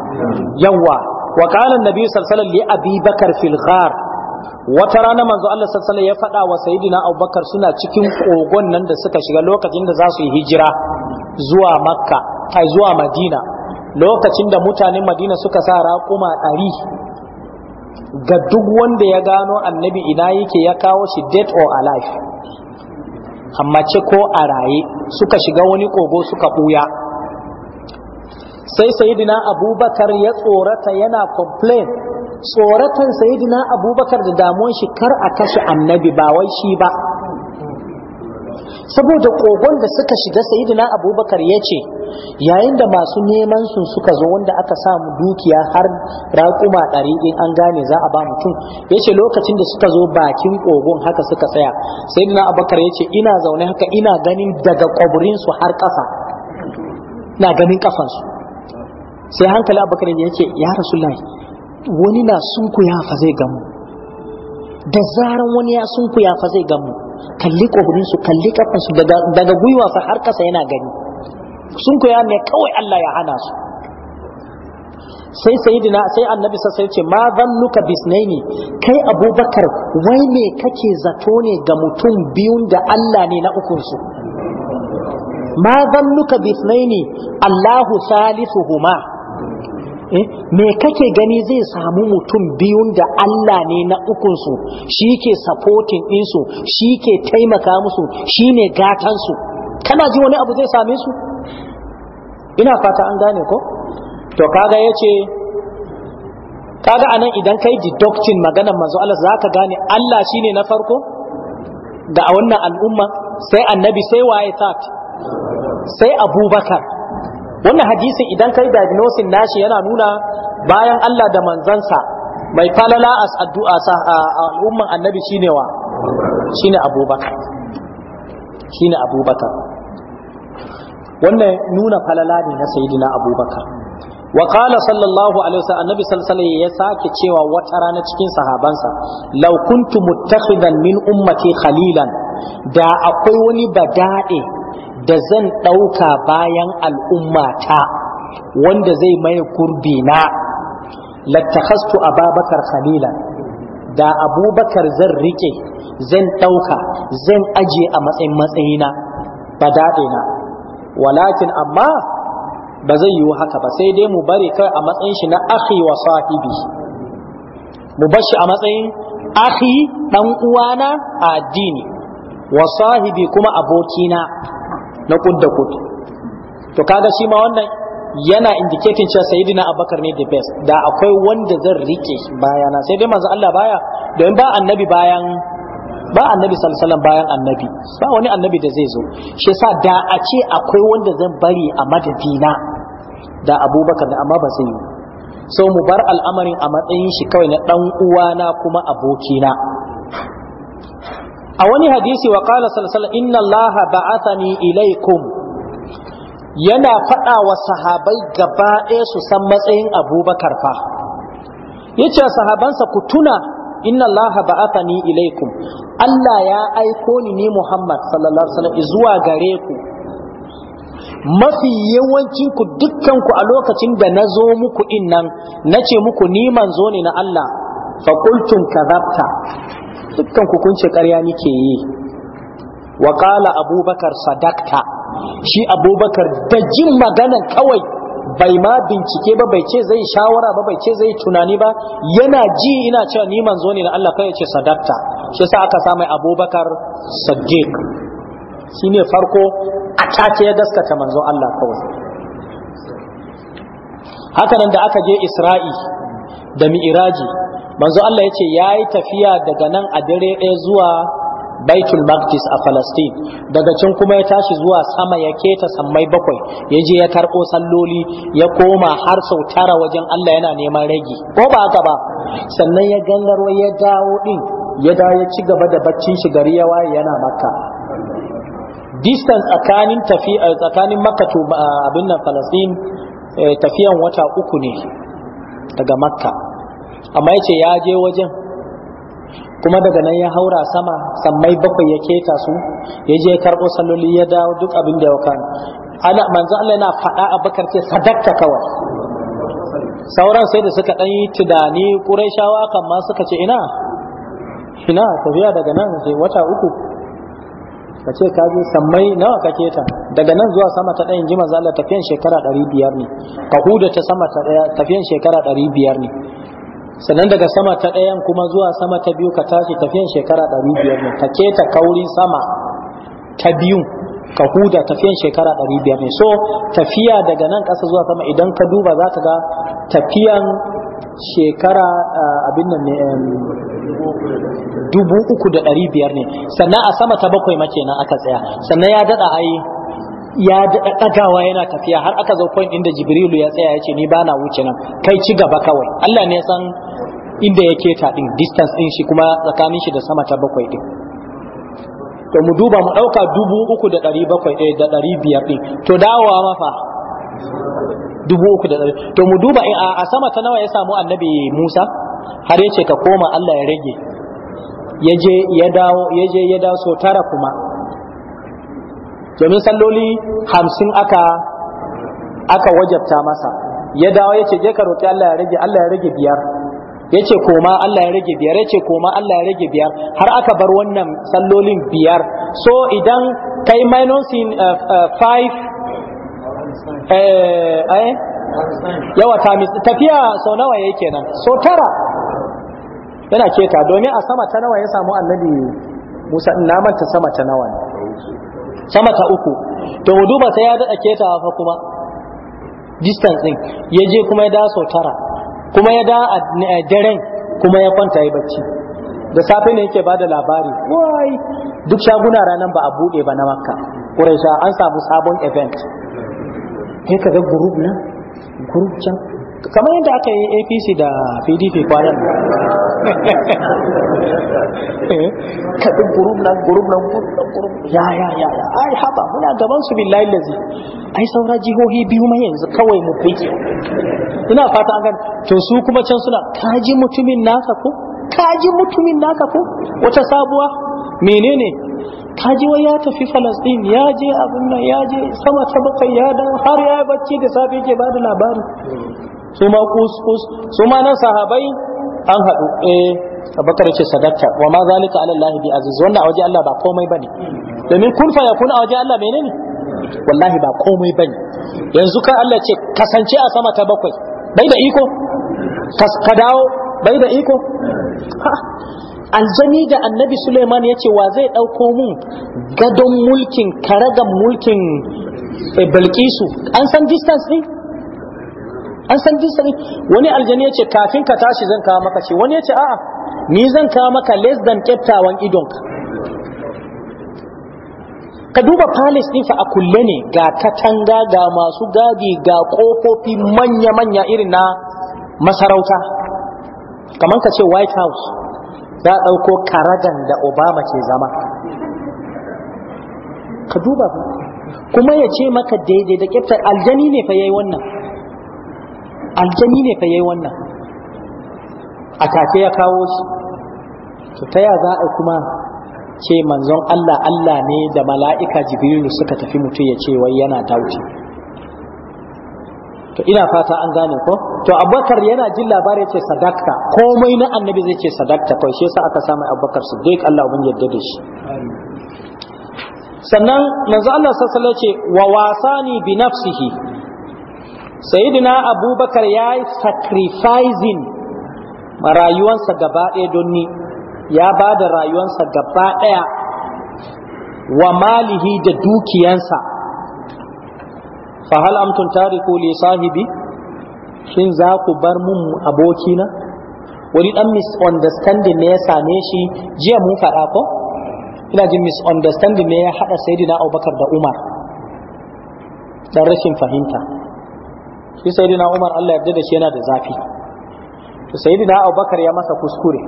yawa wa qala nabiyyu sallallahu alaihi wa sallam li abi bakar fil ghar wata rana manzo Allah sallallahu ya faɗa wa sayyidina Abubakar suna cikin kogon nan da suka shiga lokacin da za su yi hijira zuwa Makka ai zuwa Madina lokacin da mutanen Madina suka sa raƙuma ɗari ga duk wanda ya gano annabi ina yake ya kawo shi dead or alive amma ce ko a raye suka shiga wani kogo suka buya sai sayidina abubakar ya tsorata yana complain tsoratan sayidina abubakar da damuwan shi kar a kashe annabi ba wai shi ba saboda kogon da suka shiga sayidina abubakar ya ce yayin da masu neman sun suka zo wanda aka samu dukiya har raƙuma ɗari in an gane za a ba mutum ya ce lokacin da suka zo bakin kogon haka suka tsaya sayidina abubakar ya ce ina zaune haka ina ganin daga kwaburinsu har ƙasa na ganin ƙafansu sai hankali abubakar ya ce ya rasulullahi wani na sunku ya fa zai gamu da zaran wani ya sunku ya fa zai gamu kalli kofurin su kalli kafan su daga gwiwa sa har kasa yana gani sun koya ne kawai Allah ya hana su sai sayidina sai annabi sai ce ma zannuka bisnaini kai abubakar wai me kake zato ne ga mutum biyun da Allah ne na ukun su ma zannuka bisnaini Allahu salisuhuma Eh? me kake gani zai samu mutum biyun da Allah ne na ukunsu shi ke supporting ɗinsu shi ke taimaka musu shi ne gatansu kana ji wani abu zai same su ina fata an gane ko to kaga ya ce kaga anan idan kai deducting maganar manzo Allah za ka gane Allah shine na farko da wannan al'umma sai annabi sai waye sai abubakar wannan hadisin idan kai diagnosis nashi yana nuna bayan Allah da manzansa mai falala as addu'a sa al'umman annabi shine wa shine abubakar shine abubakar wannan nuna falala ne na sayyidina abubakar wa qala sallallahu alaihi wasallam annabi sallallahu ya sake cewa wata rana cikin sahabansa law kuntu muttakhidan min ummati khalilan da akwai wani bada'e da zan ɗauka bayan al'ummata wanda zai maye kurbi na a Babakar khalila da abubakar zan rike zan ɗauka zan aje a matsayin matsayina ba daɗina walakin amma ba zai yiwu haka ba sai dai mu bari kai a matsayin shi na ahi wa sahibi mu bar shi a matsayin ahi dan uwana a addini wa sahibi kuma abokina na kudda kud to kaga shi ma wannan yana indicating cewa sayyidina abubakar ne the best da akwai wanda zan rike bayana sai dai manzo Allah baya yin ba annabi bayan ba annabi sallallahu bayan annabi ba wani annabi da zai zo shi yasa da a ce akwai wanda zan bari a madadina da abubakar ne amma ba zai yi so mu bar al'amarin a matsayin shi kawai na ɗan uwana kuma abokina a wani hadisi wa kala salasala inna allaha ba'athani ilaikum yana faɗa wa sahabai gaba ɗaya su san matsayin abubakar fa Ya ce sahabansa ku tuna inna allaha ba'athani ilaikum Allah ya aiko ni ni Muhammad sallallahu alaihi wasallam zuwa gare ku mafi yawancin ku dukkan ku a lokacin da na zo muku innan nace muku ni manzo ne na Allah fa kadhabta dukkan hukunci karya ƙarya nike yi wa ƙala abubakar sadakta shi abubakar da jin maganan kawai bai ma bincike ba bai ce zai shawara ba bai ce zai tunani ba yana ji ina cewa ni manzo ne na Allah kai ya ce sadakta shi sa aka samu abubakar Shi shine farko a tace ya gaskata manzo Allah kawai haka nan da aka je isra'i da mi'iraji manzo Allah ya ce ya yi tafiya daga nan a dare ɗaya zuwa baitul maqdis a falastin daga can kuma ya tashi zuwa sama ya keta sammai bakwai ya je ya karɓo salloli ya koma har sau tara wajen Allah yana neman ragi ko ba haka ba sannan ya gangaro ya dawo din ya dawo ya ci gaba da baccin shi gari ya waye yana makka distance tsakanin tafiya eh, tsakanin makka to ah, abin nan falastin eh, tafiyan wata uku ne daga makka amma ce ya je wajen kuma daga nan ya haura sama sammai bakwai ya keta su ya je karɓo salloli ya dawo duk abin da ya wakana ana manzo Allah yana faɗa bakar ce sadakka kawai sauran sai da suka ɗan yi tunani ƙurayshawa kan ma suka ce ina ina tafiya daga nan sai wata uku ka ce ka je sammai nawa ka keta daga nan zuwa sama ta ɗayan ji manzo Allah tafiyan shekara ɗari biyar ne ka huda ta sama ta ɗaya tafiyan shekara ɗari biyar ne sannan daga sama ta ɗayan kuma zuwa sama ta biyu ka tashi tafiyan shekara ɗari biyar ne ka keta kaurin sama ta biyu ka huda tafiyan shekara ɗari biyar ne so tafiya daga nan ƙasa zuwa sama idan ka duba za ka ga tafiyan shekara ah, abin nan ne dubu uku da ɗari biyar ne sannan a sama ta bakwai ma na aka tsaya sannan ya daɗa ai ya ɗagawa yana tafiya har aka zo point inda jibrilu ya tsaya ya ce ni bana wuce nan kai ci gaba kawai Allah ne san inda yake ta din distance din shi kuma tsakanin shi da sama ta bakwai din to mu duba mu ɗauka dubu uku da ɗari bakwai eh, da ɗari biyar din to dawowa mafa dubu uku da ɗari to mu duba eh, a sama ta nawa ya samu annabi Musa har ya ce ka koma Allah ya rage ya je ya dawo ya je ya dawo so tara kuma domin salloli hamsin aka aka wajabta masa ya dawo ya ce je ka roƙi Allah ya rage Allah ya rage biyar ya ce koma Allah ya rage biyar ya ce koma Allah ya rage biyar har aka bar wannan sallolin biyar so idan kai minus in 5 uh, uh, eh, eh yawa tamis tafiya sau nawa yayi kenan so tara yana keta domin a sama ta nawa ya samu annabi Musa na manta sama ta nawa ne sama ta uku to duba sai ya daɗa keta fa kuma distance ɗin ya je kuma ya da sau tara kuma ya da daren kuma ya kwanta ya bacci da safe ne yake ba da labari wai duk shaguna ranar ba a buɗe ba na makka ƙuraisha an samu sabon event sai ka ga group na group can kamar yadda aka yi apc da pdp kwanan kaɗin gurum nan gurum nan gurum nan gurum ya ya ya ya ai haba muna gaban su billahi lazi ai saura jihohi biyu mai yanzu kawai mu fike ina fata an to su kuma can suna kaji mutumin naka ko kaji mutumin naka ko wata sabuwa menene kaji wai ya tafi falastin ya je abin nan ya je sama ta bakwai ya dawo har ya yi bacci da safe ke bada labari su ma kuskus su ma nan sahabai an haɗu eh abakar ce sadakta wa ma zalika ala Allah bi aziz wanda a waje Allah ba komai bane domin kun fa yakun a waje Allah menene wallahi ba komai bane yanzu kan Allah ce kasance a sama ta bakwai bai da iko ka dawo bai da iko aljani da annabi suleiman ya ce wa zai ɗauko mun gadon mulkin karagan mulkin eh, bilkisu an san distance ne an san jinsa sani wani aljani yace kafin ka tashi zan kawo maka ce wani yace a'a ni zan kawo maka less than kyaftawan idon ka Ka duba palace din fa a kulle ne ga katanga ga masu gadi ga kofofi manya-manya irin na masarauta kamar ka ce white house za ɗauko karagan da obama ke zama ka duba kuma ya ce maka daidai da kyaftar aljani ne fa yayi wannan aljani ne ka yayi wannan a take ya kawo shi to ta ya za a kuma ce manzon Allah Allah ne da mala'ika jibrilu suka tafi mutum ya ce wai yana dauti to ina fata an gane ko to abubakar yana jin labarin ce sadakta komai na annabi zai ce sadakta kawai shi yasa aka samu abubakar siddiq Allah ubin yadda da shi sannan manzo Allah sallallahu alaihi wa wasani bi nafsihi sayidina abubakar ya yi sacrificing rayuwansa gaba ɗaya don ni ya ba da rayuwansa gaba ɗaya wa malihi da dukiyansa fahal amtun tariku li sahibi shin za ku bar mun abokina wani dan misunderstanding ne ya same shi jiya mun faɗa ko ina jin misunderstanding ne ya haɗa sayidina abubakar da umar dan rashin fahimta shi sayyidina Umar Allah yarda da shi yana da zafi to sayyidina Abubakar ya masa kuskure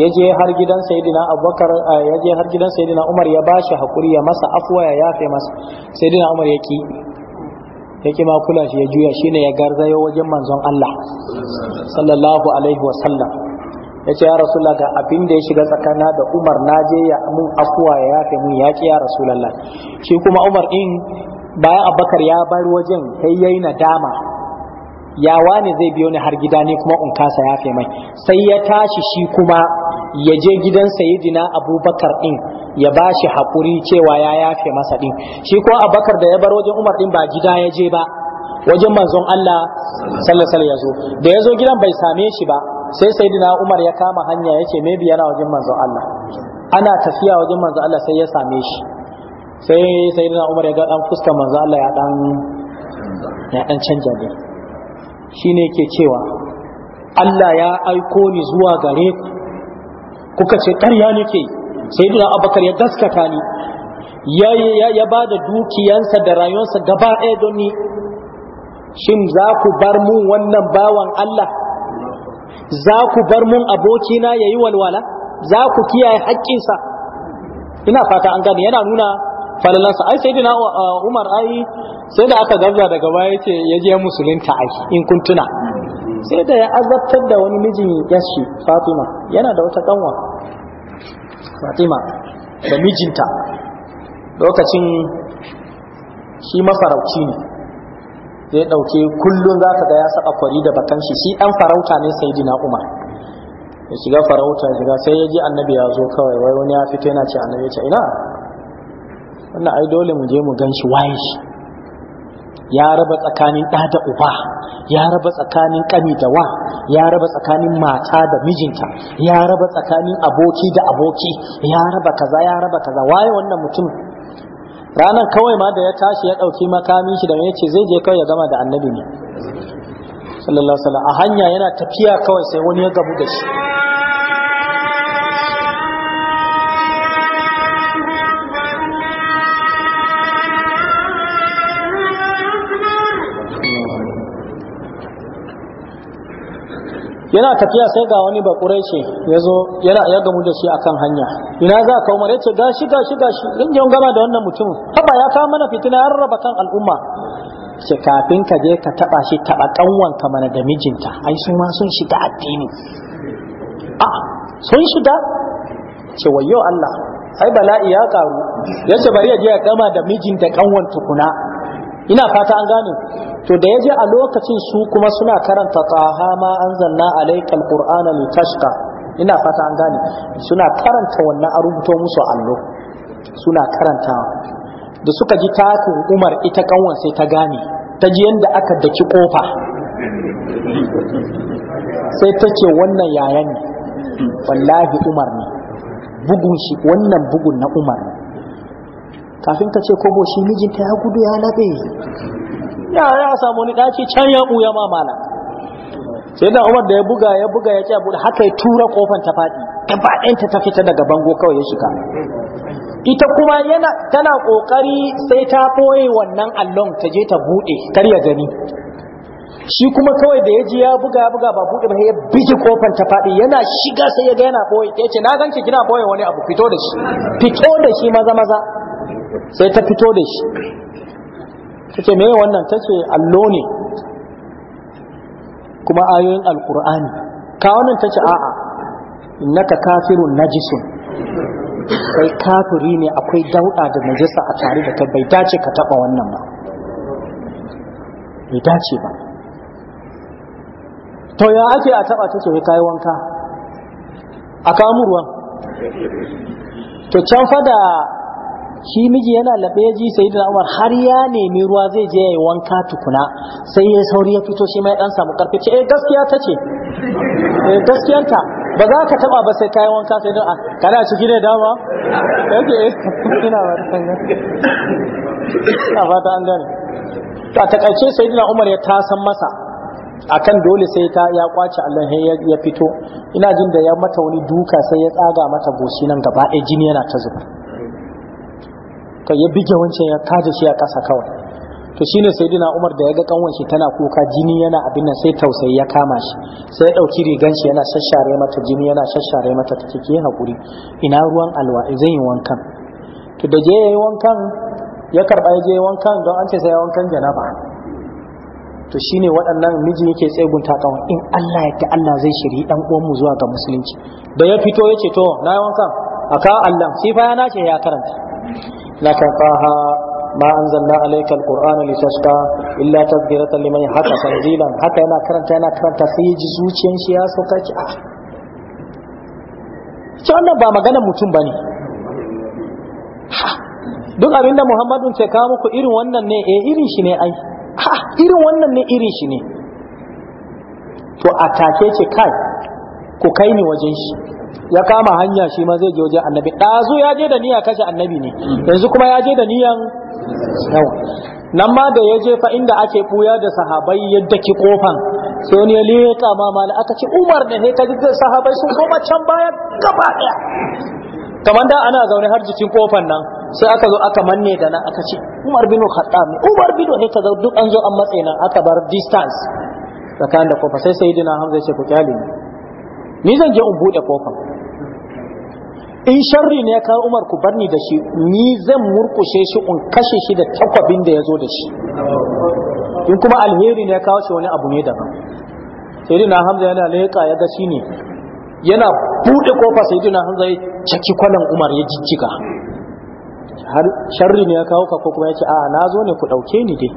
ya je har gidan sayyidina Abubakar ya je har gidan sayyidina Umar ya bashi hakuri ya masa afwa ya yafe masa sayyidina Umar ya ki ya ki ma kula shi ya juya shine ya garzayo wajen manzon Allah sallallahu alaihi wa sallam ya ce ya rasulullah ga abin da ya shiga tsakana da umar na je ya mun afuwa ya yafe mun ya ya rasulullah shi kuma umar din bayan abakar ya bar wajen sai yayi nadama ya wani zai biyo ni har gida ne kuma in kasa ya fi mai sai ya tashi shi kuma ya je gidan sayidina abubakar ɗin ya ba shi haƙuri cewa ya yafe masa ɗin. shi ko abubakar da ya bar wajen umar ɗin ba gida ya je ba wajen manzon Allah sallasal ya zo da ya zo gidan bai same shi ba sai sayidina umar ya kama hanya ya ce maybe yana wajen manzon Allah ana tafiya wajen manzon Allah sai ya same shi sai sai na umar ya ga dan fuskar manzo Allah ya dan ya dan canja ne shine yake cewa Allah ya aiko ni zuwa gare ku kuka ce ƙarya nake sai duna abakar ya gaskata ni ya ya, ya ba da dukiyansa da rayuwarsa gaba ɗaya don ni shin za ku bar mun wannan bawan Allah za ku bar mun abokina ya yi walwala za ku kiyaye haƙƙinsa ina fata an gani yana nuna falalansa ai sai uh, uh, umar ai sai da aka gaza daga baya yace ya je musulunta ai in kun sai da ya azabtar da wani mijin yashi fatima yana da wata kanwa fatima da mijinta lokacin shi mafarauci ne zai dauke kullum zaka ka ga ya saka kwari da bakan shi shi dan farauta ne sai dina umar ya shiga farauta shiga sai ya ji annabi ya zo kawai wai wani ya fito yana ce annabi ya ce ina wannan ai dole mu je mu gan shi waye shi ya raba tsakanin ɗa da uba ya raba tsakanin ƙani da wa ya raba tsakanin mata da mijinta ya raba tsakanin aboki da aboki ya raba kaza ya raba kaza waye wannan mutum ranar kawai ma da ya tashi ya ɗauki makamin shi da ya ce zai je kawai ya gama da annabi ne sallallahu alaihi a hanya yana tafiya kawai sai wani ya gabu da shi yana tafiya sai ga wani bakurai ce ya zo yana ya gamu da shi akan hanya ina za ka umar yace gashi gashi gashi in je gama da wannan mutum haba ya kawo mana fitina ya rarraba kan al'umma ce kafin ka je ka taba shi taba kanwan ka mana da mijinta ai su ma sun shiga addini a ah, sun shiga ce wayyo Allah ai bala'i ya karu yace bari ya je ya gama da mijinta kanwan tukuna ina fata an gane to da yaje a lokacin su kuma suna karanta taha ma anzalna alaykal qur'ana litashqa ina fata an gane suna karanta wannan a rubuto musu allo suna karanta da suka ji takin umar ita kanwa sai ta gane ta ji yanda aka daki kofa sai ta ce wannan yayan ne wallahi umar ne bugun shi wannan bugun na umar ne kafin ka ce kobo shi mijinta ya gudu ya labe ya ya samu ni daki can ya buya ma malam sai da Umar da ya buga ya buga ya kya bude haka ya tura kofar ta faɗi gaba ɗayanta ta fita daga bango kawai ya shiga ita kuma yana tana kokari sai ta boye wannan allon ta je ta buɗe kar ya gani shi kuma kawai da ya ji ya buga ya buga ba buɗe ba ya bige kofar ta faɗi yana shiga sai ya ga yana boye ya ce na ganki kina boye wani abu fito da shi fito da shi maza maza sai ta fito da shi ta ce meye wannan ta ce allo ne kuma ayoyin alkur'ani ka ta ce a'a innaka kafirun najisun kai kafiri ne akwai dauɗa da najisa a tare da kai bai dace ka taɓa wannan ba bai dace ba to ya ake a taɓa ta ce kai kayi wanka a kawo ruwan to can fada shi miji yana labe ya ji sai da umar har ya nemi ruwa zai je ya yi wanka tukuna sai ya sauri ya fito shi mai dan samu karfi ce eh gaskiya ta ce eh ta ba za ka taba ba sai kayan wanka sai da ah, kana ciki ne dama yake ina ba ta ina fata an gane ta a takaice Sayyidina umar ya tasan masa akan dole sai ta ya kwace Allah ya fito ina jin da ya mata wani duka sai ya tsaga mata goshi nan gaba ɗaya jini yana ta zuba ka ya bige wancan ya kaje shi a kasa kawai to shine sayyidina Umar da ya ga kanwan shi tana kuka jini yana abin nan sai tausayi ya kama shi sai ya dauki rigan shi yana shashare mata jini yana shashare mata ta ciki hakuri ina ruwan alwa zan yi wankan to da je yayi wankan ya karba ya je wankan don an ce sai wankan janaba to shine waɗannan miji yake tsegunta kawai in Allah ya ta Allah zai shiri dan uwan mu zuwa ga musulunci da ya fito ya ce to na wankan aka Allah shi fa ya nace ya karanta لك طه ما أنزلنا عليك القرآن لتشقى إلا تذكرة لمن حتى تنزيلا حتى أنا كرنت أنا كرنت في جزوتين شيئا سوكاك ce wannan ba maganar mutum ba ne duk abinda Muhammadu ce kawo muku irin wannan ne e irin shi ne ai ha irin wannan ne irin shi ne to a take ce kai ku kai ni wajen shi ya kama hanya shi ma zai je wajen annabi ɗazu ya je da niyya kashe annabi ne yanzu kuma ya je da niyyan yawa nan ma da ya je fa inda ake buya da sahabai yadda ki kofan sai wani ya leƙa ma mala aka ce umar ne ne ji sahabai sun koma can baya gaba ɗaya kamar da ana zaune har jikin kofan nan sai aka zo aka manne da nan aka ce umar bin khattab ne umar bin ne ka zo duk an zo an matsayi nan aka bar distance tsakanin da kofa sai sayyidina hamza ce ku kyale ne ni zan je in bude kofar in sharri ne ya kawo umar ku bar ni da shi ni zan murkushe shi in kashe shi da takwabin da ya zo da shi in kuma alheri ne ya kawo shi wani abu ne daban sai na hamza yana leƙa ya ga shi ne yana bude kofa sai dina hamza ya caki kwalan umar ya jijjiga har sharri ne ya kawo ka ko kuma ya ce a na zo ne ku ɗauke ni dai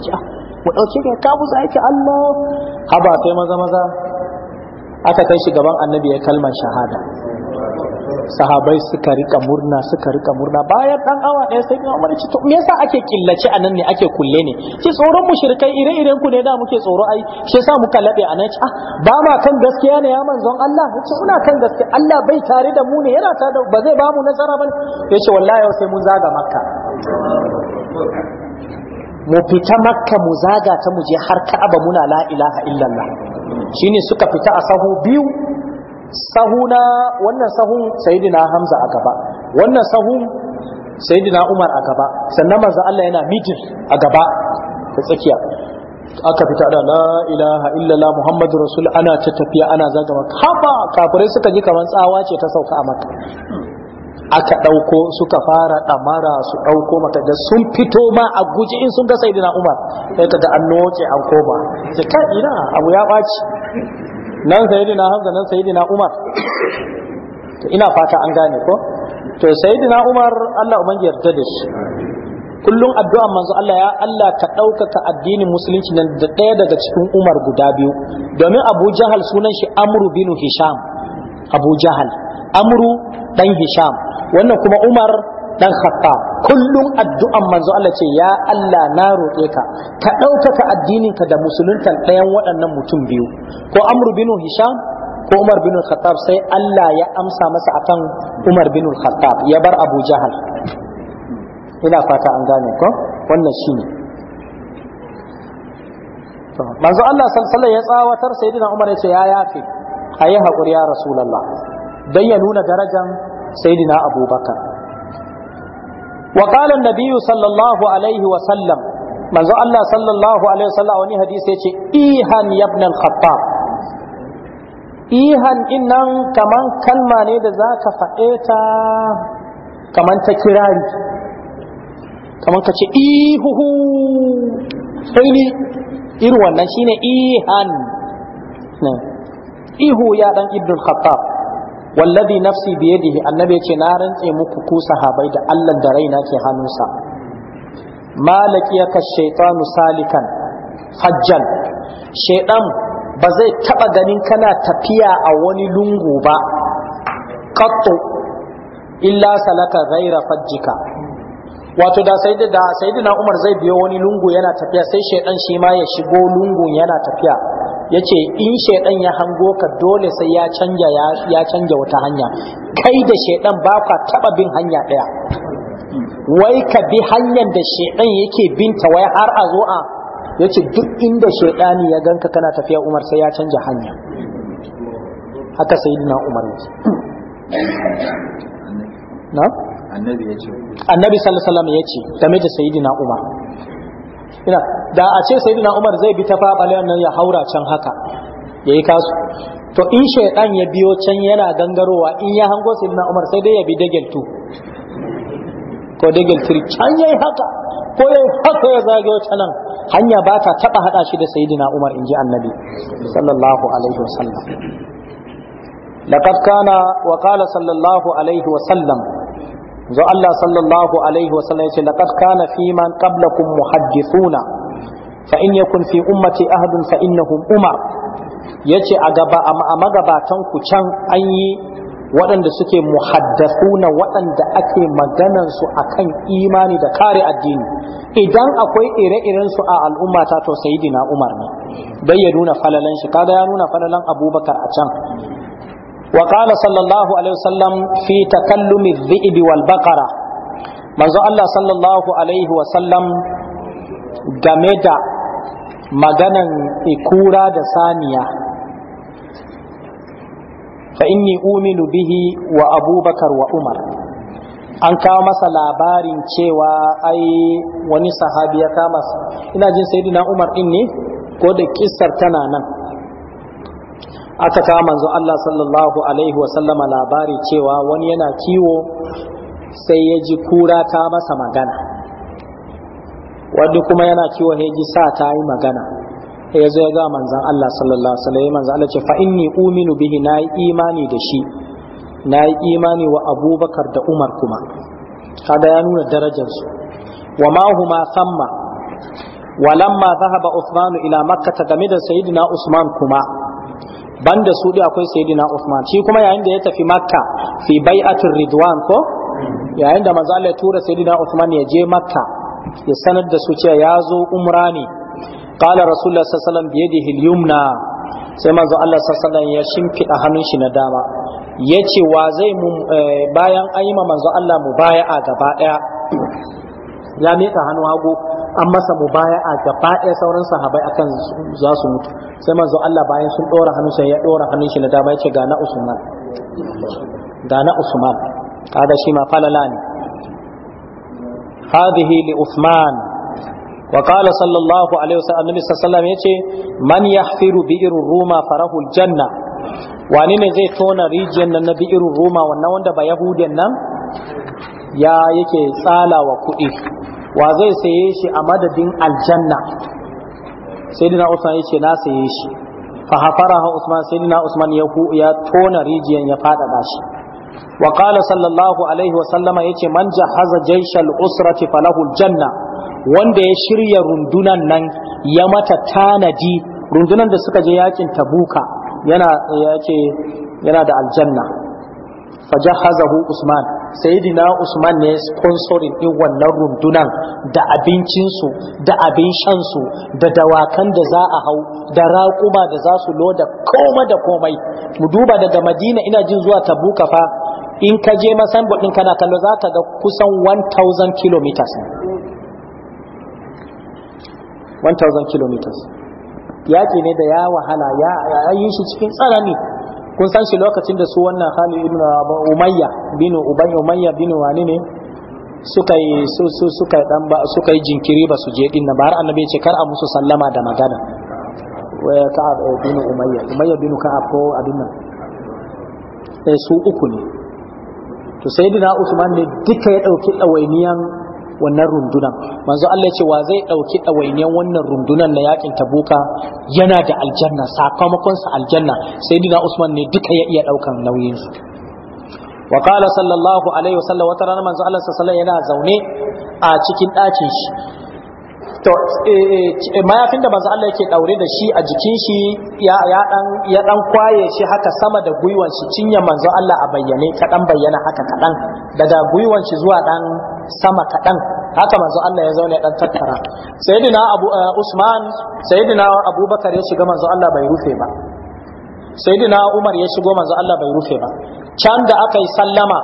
ku ah, ɗauke ka ka buza yake allah haba sai maza maza aka kai shi gaban annabi ya kalmar shahada sahabai suka rika murna suka rika murna bayan dan awa ɗaya sai kuma umarci to me yasa ake killace anan ne ake kulle ne ki tsoron mushrikai ire-iren ku ne da muke tsoro ai shi yasa muka labe a nan ah ba ma kan gaskiya ne ya manzon Allah yace suna kan gaskiya Allah bai tare da mu ne yana ta da ba zai ba mu nasara ba yace wallahi sai mun zaga makka mu fita makka mu zaga ta muje har ka'aba muna la ilaha illallah shine suka fita a sahu biyu sahuna wannan sahun sayyidina hamza a gaba wannan sahun sayyidina umar a gaba sannan manzo Allah yana mijin a gaba ta tsakiya aka fita da la ilaha illallah muhammadu rasul ana ta tafiya ana zaga maka haba kafirai suka ji kamar tsawa ce ta sauka a maka aka ɗauko suka fara ɗamara su ɗauko da sun fito ma a guji in sun ga saidina umar sai kaga an noce an koma sai ka ina abu ya ɓaci nan saidina hamza nan saidina umar to ina fata an gane ko to saidina umar Allah ubangi yarda da shi kullum addu'a manzo Allah ya Allah ka ɗaukaka addinin musulunci nan da ɗaya daga cikin umar guda biyu domin abu jahal sunan shi amru bin hisham abu jahal amru dan hisham wannan kuma umar dan khatta kullum addu'an manzo Allah ce ya Allah na roƙe ka ka ɗaukaka addininka da musuluntan ɗayan waɗannan mutum biyu ko amru bin hisham ko umar bin khattab sai Allah ya amsa masa akan umar bin khattab ya bar abu jahal ina fata an gane ko wannan shine manzo Allah sallallahu ya tsawatar sayyidina umar ya ce ya yafi ayi hakuri ya rasulullah don ya nuna darajan sayyidina abubakar wa qala an sallallahu alaihi wa sallam manzo Allah sallallahu alaihi wa sallam wani hadisi yace ihan ibn al-khattab ihan innan kaman kalma ne da zaka faɗe ta kaman ta kirari kaman ka ce ihuhu sai ni irin wannan ihu ya wallazi nafsi biyadihi annabi yace na rantse muku ku sahabai da Allah da raina ke hannunsa malakiyaka shaytanu salikan fajjal Shaiɗan. ba zai taba ganin kana tafiya a wani lungu ba qattu illa salaka ghaira fajjika wato da sai da sayyidina Umar zai biyo wani lungu yana tafiya sai shedan shi ma ya shigo lungun yana tafiya yace in shedan ya hango ka dole sai ya canja ya canja wata hanya kai da shedan ba ka taba bin hanya daya wai ka bi hanyar da shedan yake binta wai har a zo a yace duk inda shedani ya ganka kana tafiya Umar sai ya canja hanya haka sayyidina Umar yace na annabi ya ce annabi sallallahu alaihi wasallam ya ce game da sayyidina umar ina da a ce sayyidina umar zai bi ta fabalen nan ya haura can haka yayi kasu to in shaydan ya biyo can yana gangarowa in ya hango sayyidina umar sai dai ya bi dagel tu ko dagel tiri can yayi haka ko yayi haka ya zagayo ta nan hanya ba ta taba hada shi da sayyidina umar inji annabi sallallahu alaihi wasallam لقد كان وقال صلى الله عليه وسلم zo Allah sallallahu alaihi wasallam yace laqad kana fi man qablakum muhaddithuna fa in yakun fi ummati ahadun fa innahum umar yace a gaba a magabatan ku can an yi waɗanda suke muhaddasuna waɗanda ake maganansu a kan imani da kare addini idan akwai ire-irensu a al'ummata to na umar ne don ya nuna falalan shi kaga ya nuna falalan abubakar a can وقال صلى الله عليه وسلم في تكلم الذئب والبقرة منذ الله صلى الله عليه وسلم جميدا مغانا إكورا دسانيا فإني أؤمن به وأبو بكر وعمر an kawo masa labarin cewa ai wani sahabi ya kama ina jin sayyidina Umar din ne ko da kissar tana nan aka kawo manzo Allah sallallahu alaihi wasallama labari cewa wani yana kiwo sai ya ji kura ta masa magana wani kuma yana kiwo ya ji sa ta yi magana ya zo ya ga manzan Allah sallallahu alaihi manzan Allah ce fa inni uminu bihi na yi imani da shi na yi imani wa abubakar da umar kuma kada ya nuna darajarsu wa mahuma samma walamma zahaba usmanu ila makka game da sayyidina usman kuma banda su dai akwai sayyidina Uthman shi kuma yayin da ya tafi Makka fi bai'atul ridwan ko yayin da manzo Allah ya tura sayyidina Uthman ya je Makka ya sanar da su cewa ya zo umra ne qala rasulullah sallallahu alaihi wasallam bi yadihi yumna sai manzo Allah sallallahu alaihi ya shimfida hannun shi na dama yace wa zai mun eh, bayan ayyima manzo Allah mu baya gaba daya ya miƙa hannu hagu an masa mubaya'a gaba ɗaya sauran sahabai akan za su mutu sai manzo Allah bayan sun ɗora hannun sai ya ɗora hannun shi na dama ya ce ga na Usman ga na Usman kada shi ma falala ne hadhihi li Usman wa qala sallallahu alaihi wasallam annabi sallallahu yace man yahfiru bi'ir ruma farahu janna, wani ne zai tona rijiyar nan na bi'ir ruma wannan wanda ba yahudiyan nan ya yake tsala wa kuɗi wa zai saye shi a madadin aljanna dina usman yace na saye shi fa ha usman dina usman ya ya tona rijiyan ya fadada shi wa qala sallallahu alaihi wa sallama yace man jahaza jaishal usrati falahu aljanna wanda ya shirya rundunan nan ya mata tanaji rundunan da suka je yakin tabuka yana yace yana da aljanna fajahazahu usman sayyidina usman ne sponsorin din wannan rundunan da su da abin shan su da dawakan da za a hau da raƙuma da za su loda koma da komai mu duba daga madina ina jin zuwa tabuka fa in ka je masan bodin kana kallo za ka ga kusan 1000 kilometers 1000 kilometers. yaƙi ne da ya wahala ya ayyushi cikin tsanani kun san shi lokacin da su wannan hali ibn Umayya bin Ubay Umayya bin wani ne suka yi su su suka dan ba suka yi jinkiri ba su je din nan ba har annabi ya ce kar a musu sallama da magana waya Ka'ab eh, bin Umayya Umayya bin Ka'ab ko abin nan sai eh, su uku ne to sayyidina Usman ne duka ya dauki dawainiyan wannan rundunan manzo Allah ya ce wa zai dauki ɗawainiyar wannan rundunan na yakin tabuka yana da aljanna sakamakon sa aljanna sayyidina Usman ne duka ya iya daukan nauyin su wa qala sallallahu alaihi wasallam wata rana manzo Allah sallallahu yana zaune a cikin ɗakin shi to eh, eh, eh, mayafin da manzo Allah yake daure da shi a jikin shi ya ya dan ya dan kwaye shi haka sama da gwiwan shi cinye manzo Allah a bayyane kadan bayyana haka kadan daga gwiwan shi zuwa dan sama kaɗan haka manzo Allah ya zauna ya ɗan tattara sayyidina abu eh, usman sayyidina abubakar ya shiga manzo Allah bai rufe ba sayyidina umar ya shigo manzo Allah bai rufe ba can da aka yi sallama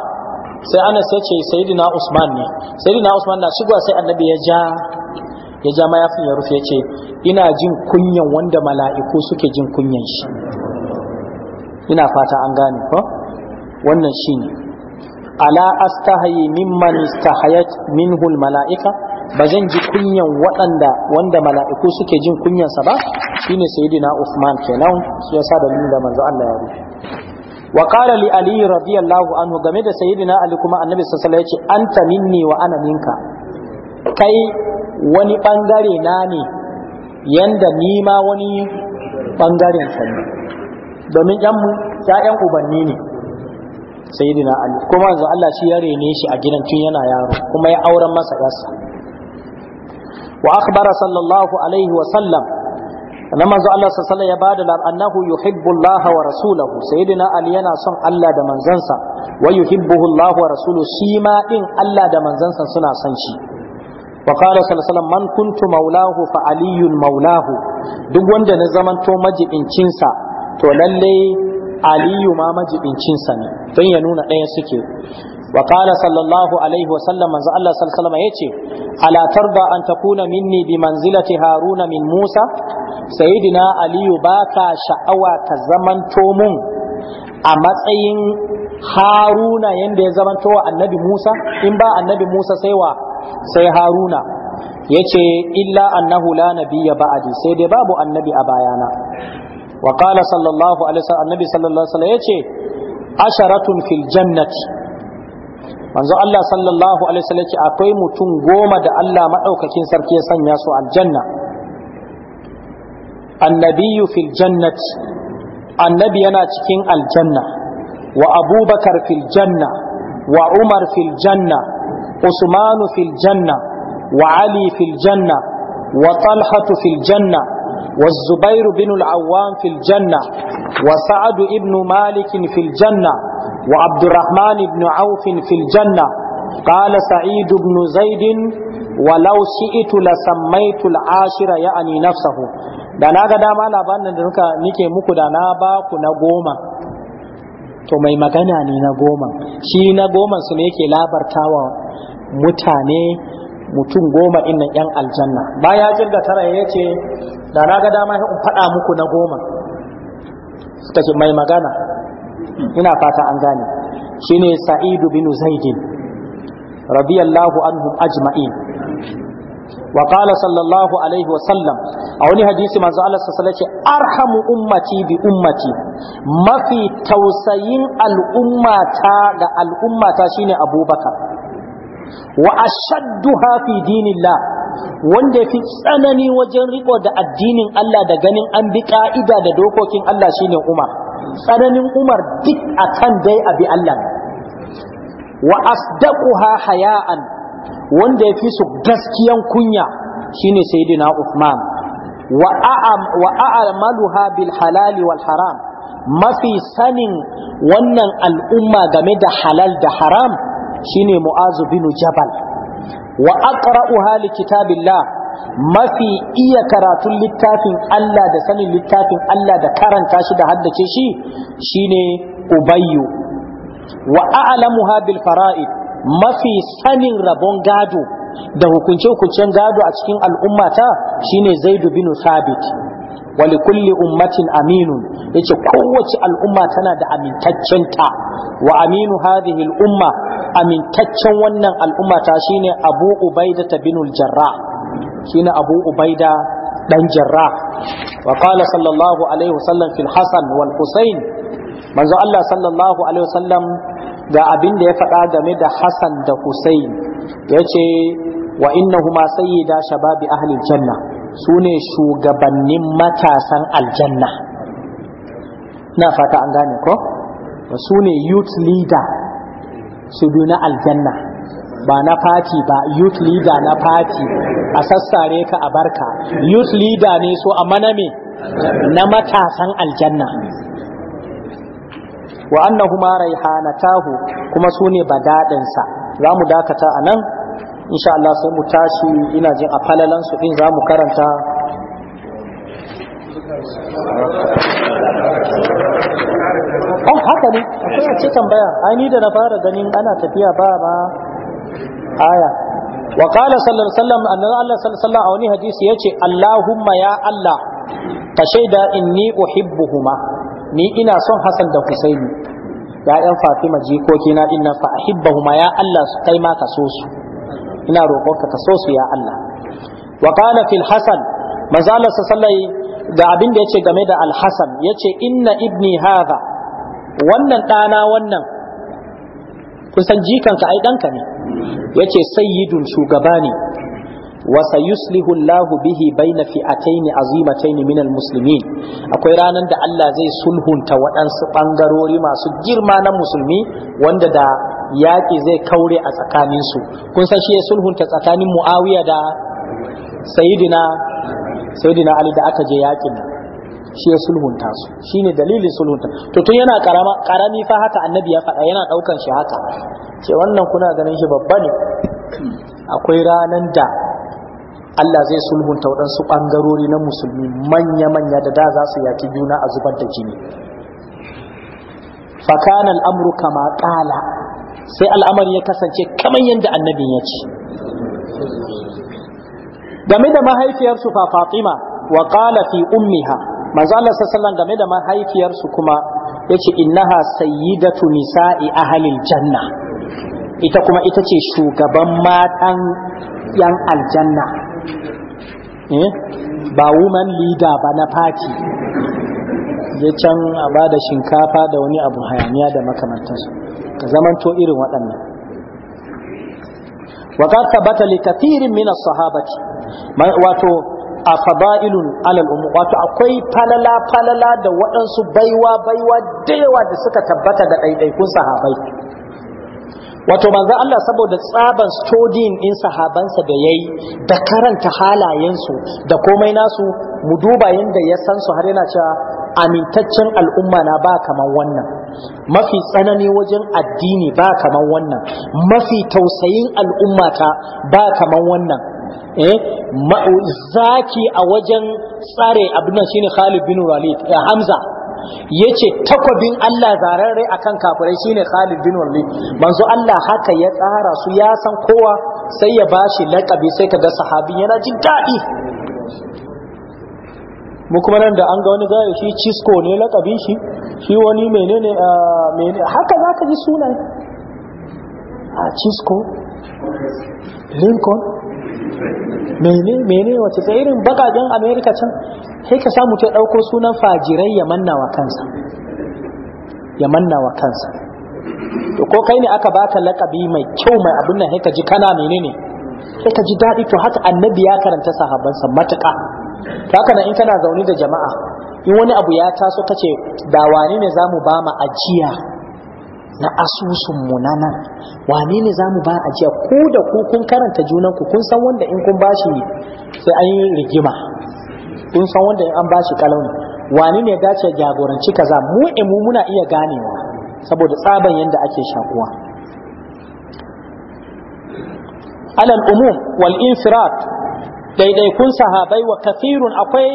sai anas ya ce sayyidina usman ne sayyidina usman na shigo sai annabi ya ja ya ja mayafin ya rufe ya ce ina jin kunyan wanda mala'iku suke jin kunyan shi ina fata an gane ko wannan shine ala astahayi mimman istahayat minhul mala'ika ba zan ji kunyan waɗanda wanda mala'iku suke jin kunyansa ba shine sayyidina Uthman kenan shi yasa da mun da manzo Allah ya rufe wa qala li ali radiyallahu anhu game da sayyidina ali kuma annabi sallallahu alaihi wasallam ya anta minni wa ana minka kai wani bangare na ne yanda ni ma wani bangaren sa ne domin yan mu ƴaƴan ubanni ne sayyidina ali kuma yanzu Allah shi ya rene shi a gidan tun yana yaro kuma ya auren masa yarsa wa akhbara sallallahu alaihi wa sallam na manzo Allah sallallahu ya bada lar annahu yuhibbu Allah wa rasulahu sayyidina ali yana son Allah da manzansa wa yuhibbuhu Allah wa rasuluhu shi ma din Allah da manzansa suna son shi wa qala sallallahu alaihi man kuntu maulahu fa aliyun maulahu duk wanda na zamanto majibincin sa to lalle aliyu ma majibincin sa ne don ya nuna ɗaya suke wa qala sallallahu alaihi wa sallam manzo Allah sallallahu alaihi yace ala tarda an takuna minni bi manzilati haruna min musa sayyidina aliyu baka sha'awa ka zamanto mun a matsayin haruna yanda ya zamanto wa annabi musa in ba annabi musa sai wa sai haruna yace illa annahu la nabiyya ba'di sai dai babu annabi a bayana wa sallallahu alaihi wasallam annabi sallallahu alaihi wasallam yace asharatun fil jannati manzo Allah sallallahu alaihi wasallam ce akwai mutum goma da Allah madaukakin sarki ya sanya su aljanna annabiyyu fil jannati annabi yana cikin aljanna wa abubakar fil janna wa umar fil janna usmanu fil janna wa ali fil janna wa talhatu fil janna والزبير بن العوام في الجنة وسعد بن مالك في الجنة وعبد الرحمن بن عوف في الجنة قال سعيد بن زيد ولو شئت لسميت العاشرة يعني نفسه da na ga dama labarin da nuka nike muku da na ba ku na goma to mai magana ne na goma shi na goma su ne yake wa mutane mutum goma ɗin yan aljanna baya jirga tara ya ce da na ga dama in faɗa muku na goma suka ce mai magana ina fata an gane shine sa'idu bin zaidin radiyallahu anhum ajma'in wa qala sallallahu alaihi wa sallam a wani hadisi manzo Allah sallallahu alaihi arhamu ummati bi ummati mafi tausayin al'ummata ga al'ummata shine abubakar wa ashadduha fi dinillah wanda fi tsanani wajen riko da addinin Allah da ganin an bi ka'ida da dokokin Allah shine Umar tsananin Umar duk akan dai abi Allah wa asdaquha haya'an wanda yafi su gaskiyan kunya shine sayyidina Uthman wa a'am wa a'maluha bil halali wal haram mafi sanin wannan al'umma game da halal da haram shine Mu'azu bin Jabal wa aqra'uha li kitabillah mafi iya karatun littafin Allah da sanin littafin Allah da karanta shi da haddace shi shine ubayyu wa a'lamuha bil fara'id mafi sanin rabon gado da hukunce-hukuncen gado a cikin al'ummata shine zaidu bin sabit wa li kulli ummatin aminun yace kowace al'umma tana da amintaccenta wa aminu hadhihi al'umma amintaccen wannan al'umma ta shine Abu Ubaida bin al-Jarrah shine Abu Ubaida dan Jarrah wa sallallahu alaihi wasallam fil Hasan wal manzo Allah sallallahu alaihi wasallam ga abin da ya faɗa game da Hassan da Hussein ya ce wa innahuma sayyida shababi ahlil janna su ne shugabannin matasan aljanna na fata an gane ko su ne youth leader su na aljanna ba na fati ba youth leader na fati a sassare ka a barka youth leader ne so a maname na matasan aljanna wa annahuma raihanatahu kuma sune ne daɗinsa za dakata a nan insha Allah sai mu tashi ina jin a falalan su din zamu karanta Oh haka ne akwai a ce tambaya ai da na fara ganin ana tafiya ba ma. aya wa qala sallallahu alaihi wasallam a wani hadisi ya yace Allahumma ya Allah ka shaida inni uhibbuhuma ni ina son Hassan da Husaini ya'yan Fatima jikoki na din nan fa ahibbahuma ya Allah su kai ma ka so su ina roƙonka ka so su ya Allah wa qala fil hasan manzo Allah sallai ga abin da yace game da al hasan yace inna ibni hadha wannan dana wannan kun san jikanka ai danka ne yace sayyidun shugaba ne wa sayuslihu Allahu bihi baina fi'atayn azimatayn min almuslimin akwai ranan da Allah zai sulhunta waɗansu bangarori masu girma na musulmi wanda da yaƙi zai kaure a tsakaninsu kun san shi ya sulhunta tsakanin mu'awiya da sayidina sayidina ali da aka je yaƙin shi ya sulhunta su shine dalilin sulhunta to tun yana karama fa haka annabi ya faɗa yana ɗaukan shi haka ce wannan kuna ganin shi babba ne akwai ranan da Allah zai sulhunta waɗansu ɓangarori na musulmi manya-manya da da za su yaki juna a zubar da jini fakanan amurka ma ƙala sai al'amari ya kasance kamar yadda annabin ya ce game da mahaifiyarsu fa fatima wa qala fi ummiha manzo Allah sallallahu game da mahaifiyarsu kuma yace innaha sayyidatu nisa'i ahlil janna ita kuma ita ce shugaban matan yan aljanna eh ba woman leader ba na party je can a bada shinkafa da wani abu hayaniya da makamantansu zamanto irin waɗannan wakar tabbata littattirin mina sahabati wato a faba'ilun al’ummu wato akwai falala-falala da waɗansu baiwa-baiwa da yawa da suka tabbata da ɗaiɗaikun sahabai wato manzo Allah saboda tsaban studying in sahabansa da yayi da karanta halayensu da komai nasu mu duba yanda ya san su har yana cewa amintaccen al'umma na ba kaman wannan mafi tsanani wajen addini ba kaman wannan mafi tausayin al'ummata ba kaman wannan eh zaki a wajen tsare abin nan shine Khalid bin Walid eh, Hamza yace takwabin Allah zararre akan kafirai shine Khalid bin Walid manzo Allah haka ya tsara su ya san kowa sai ya bashi laqabi sai kaga sahabin yana jin daɗi mu kuma nan da an ga wani gaya shi Cisco ne laqabin shi shi wani menene menene haka zaka ji sunan a Cisco Lincoln mene wace ta irin bakajen amerika can sai ka samu ta dauko sunan fajirai ya manna wa kansa ya manna wa kansa to ko kai ne aka baka lakabi mai kyau mai abin nan sai ka ji kana menene sai ka ji dadi to haka annabi ya karanta sahabbansa matuƙa haka nan in kana zaune da jama'a in wani abu ya taso kace da wani ne zamu ba mu ajiya na asusun mu na nan wane ne za mu ba a jiya, ku da ku kun karanta junanku kun san wanda in kun bashi sai an yi rigima kun san wanda in an bashi kalauni wane ne dace jagoranci kaza mu eh, mu muna iya ganewa saboda tsaban yadda ake shakuwa alal umum wal infirat daidaikun sahabai wa kafirun akwai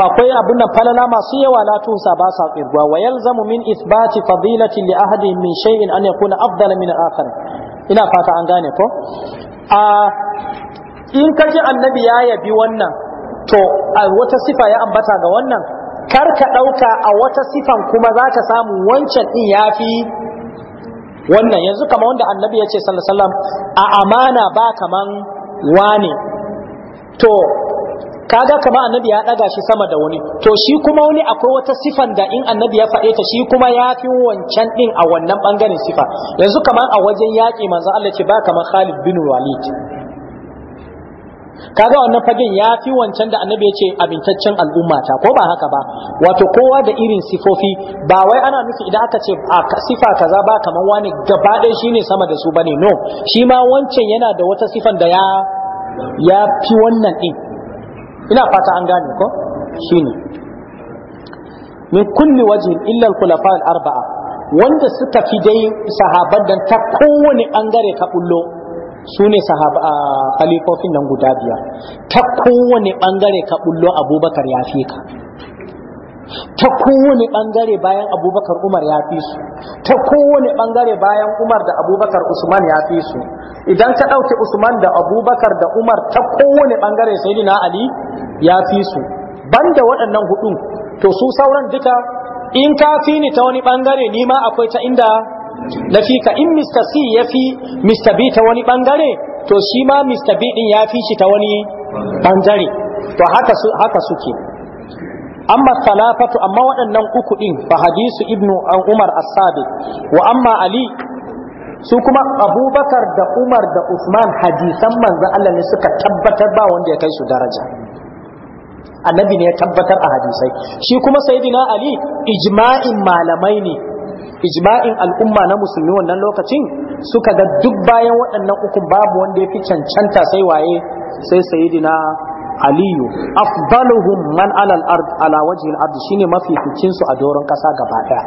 akwai abin nan falala masu yawa na tusa ba sa kirgwa wa yalzamu min isbati fadilati li ahadi min shay'in an yakuna afdal min akhar ina fata an gane ko a in kaji annabi ya yabi wannan to a wata sifa ya ambata ga wannan kar ka dauka a wata sifan kuma za ka samu wancan din yafi wannan yanzu kama wanda annabi ya ce sallallahu alaihi wasallam a amana ba kaman wane to kaga kamar annabi ya daga shi sama da wani to shi kuma wani akwai wata sifan da in annabi ya faɗe ta shi kuma ya fi wancan din a wannan bangaren sifa yanzu kamar a wajen yaki manzo Allah ce ba kamar Khalid bin Walid kaga wannan fagen ya fi wancan da annabi ya ce abintaccen al'umma ta ko ba haka ba wato kowa da irin sifofi ba wai ana nufi idan aka ce a sifa kaza ba kamar wani gaba ɗaya shine sama da su bane no shi ma wancan yana da wata sifan da ya ya fi wannan din ina fata an gane ko shine min kulli wajhin illa al-khulafa al-arba'a wanda suka fi dai sahaban dan ta kowane bangare ka bullo su ne khalifofin nan guda biyar ta kowane bangare ka abubakar ya fi ka ta kowane bangare bayan abubakar umar ya fi su ta kowane bangare bayan umar da abubakar usman ya fi su idan ka ɗauke usman da abubakar da umar ta kowane bangare sai na ali ya fi su Ban da waɗannan hudu to su sauran duka in ka fi ni ta wani bangare ni ma akwai ta inda na fi ka in mr c ya fi mr b ta wani bangare to shi ma mr b din ya fi shi ta wani bangare to haka, haka suke amma salafatu amma waɗannan uku ɗin fa hadisu ibnu umar as-sadiq wa amma ali su kuma abubakar da umar da usman hadisan manza Allah ne suka tabbatar ba wanda ya kai su daraja annabi ne ya tabbatar a hadisai shi kuma saidina ali ijma'in malamai ne ijma'in al'umma na musulmi wannan lokacin suka ga duk bayan waɗannan ukun babu wanda ya fi cancanta sai waye sai sayyidina aliyu afdaluhum man alal ard ala wajhi al ard shine mafificin su a doron kasa gaba daya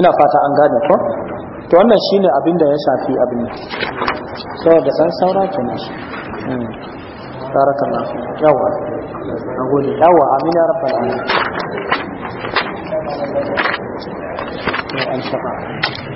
ina fata an gane ko to wannan shine abin da ya shafi abin nan saboda san saura kenan shi hmm. barakallahu yawa nagode yawa amina rabbal alamin an shafa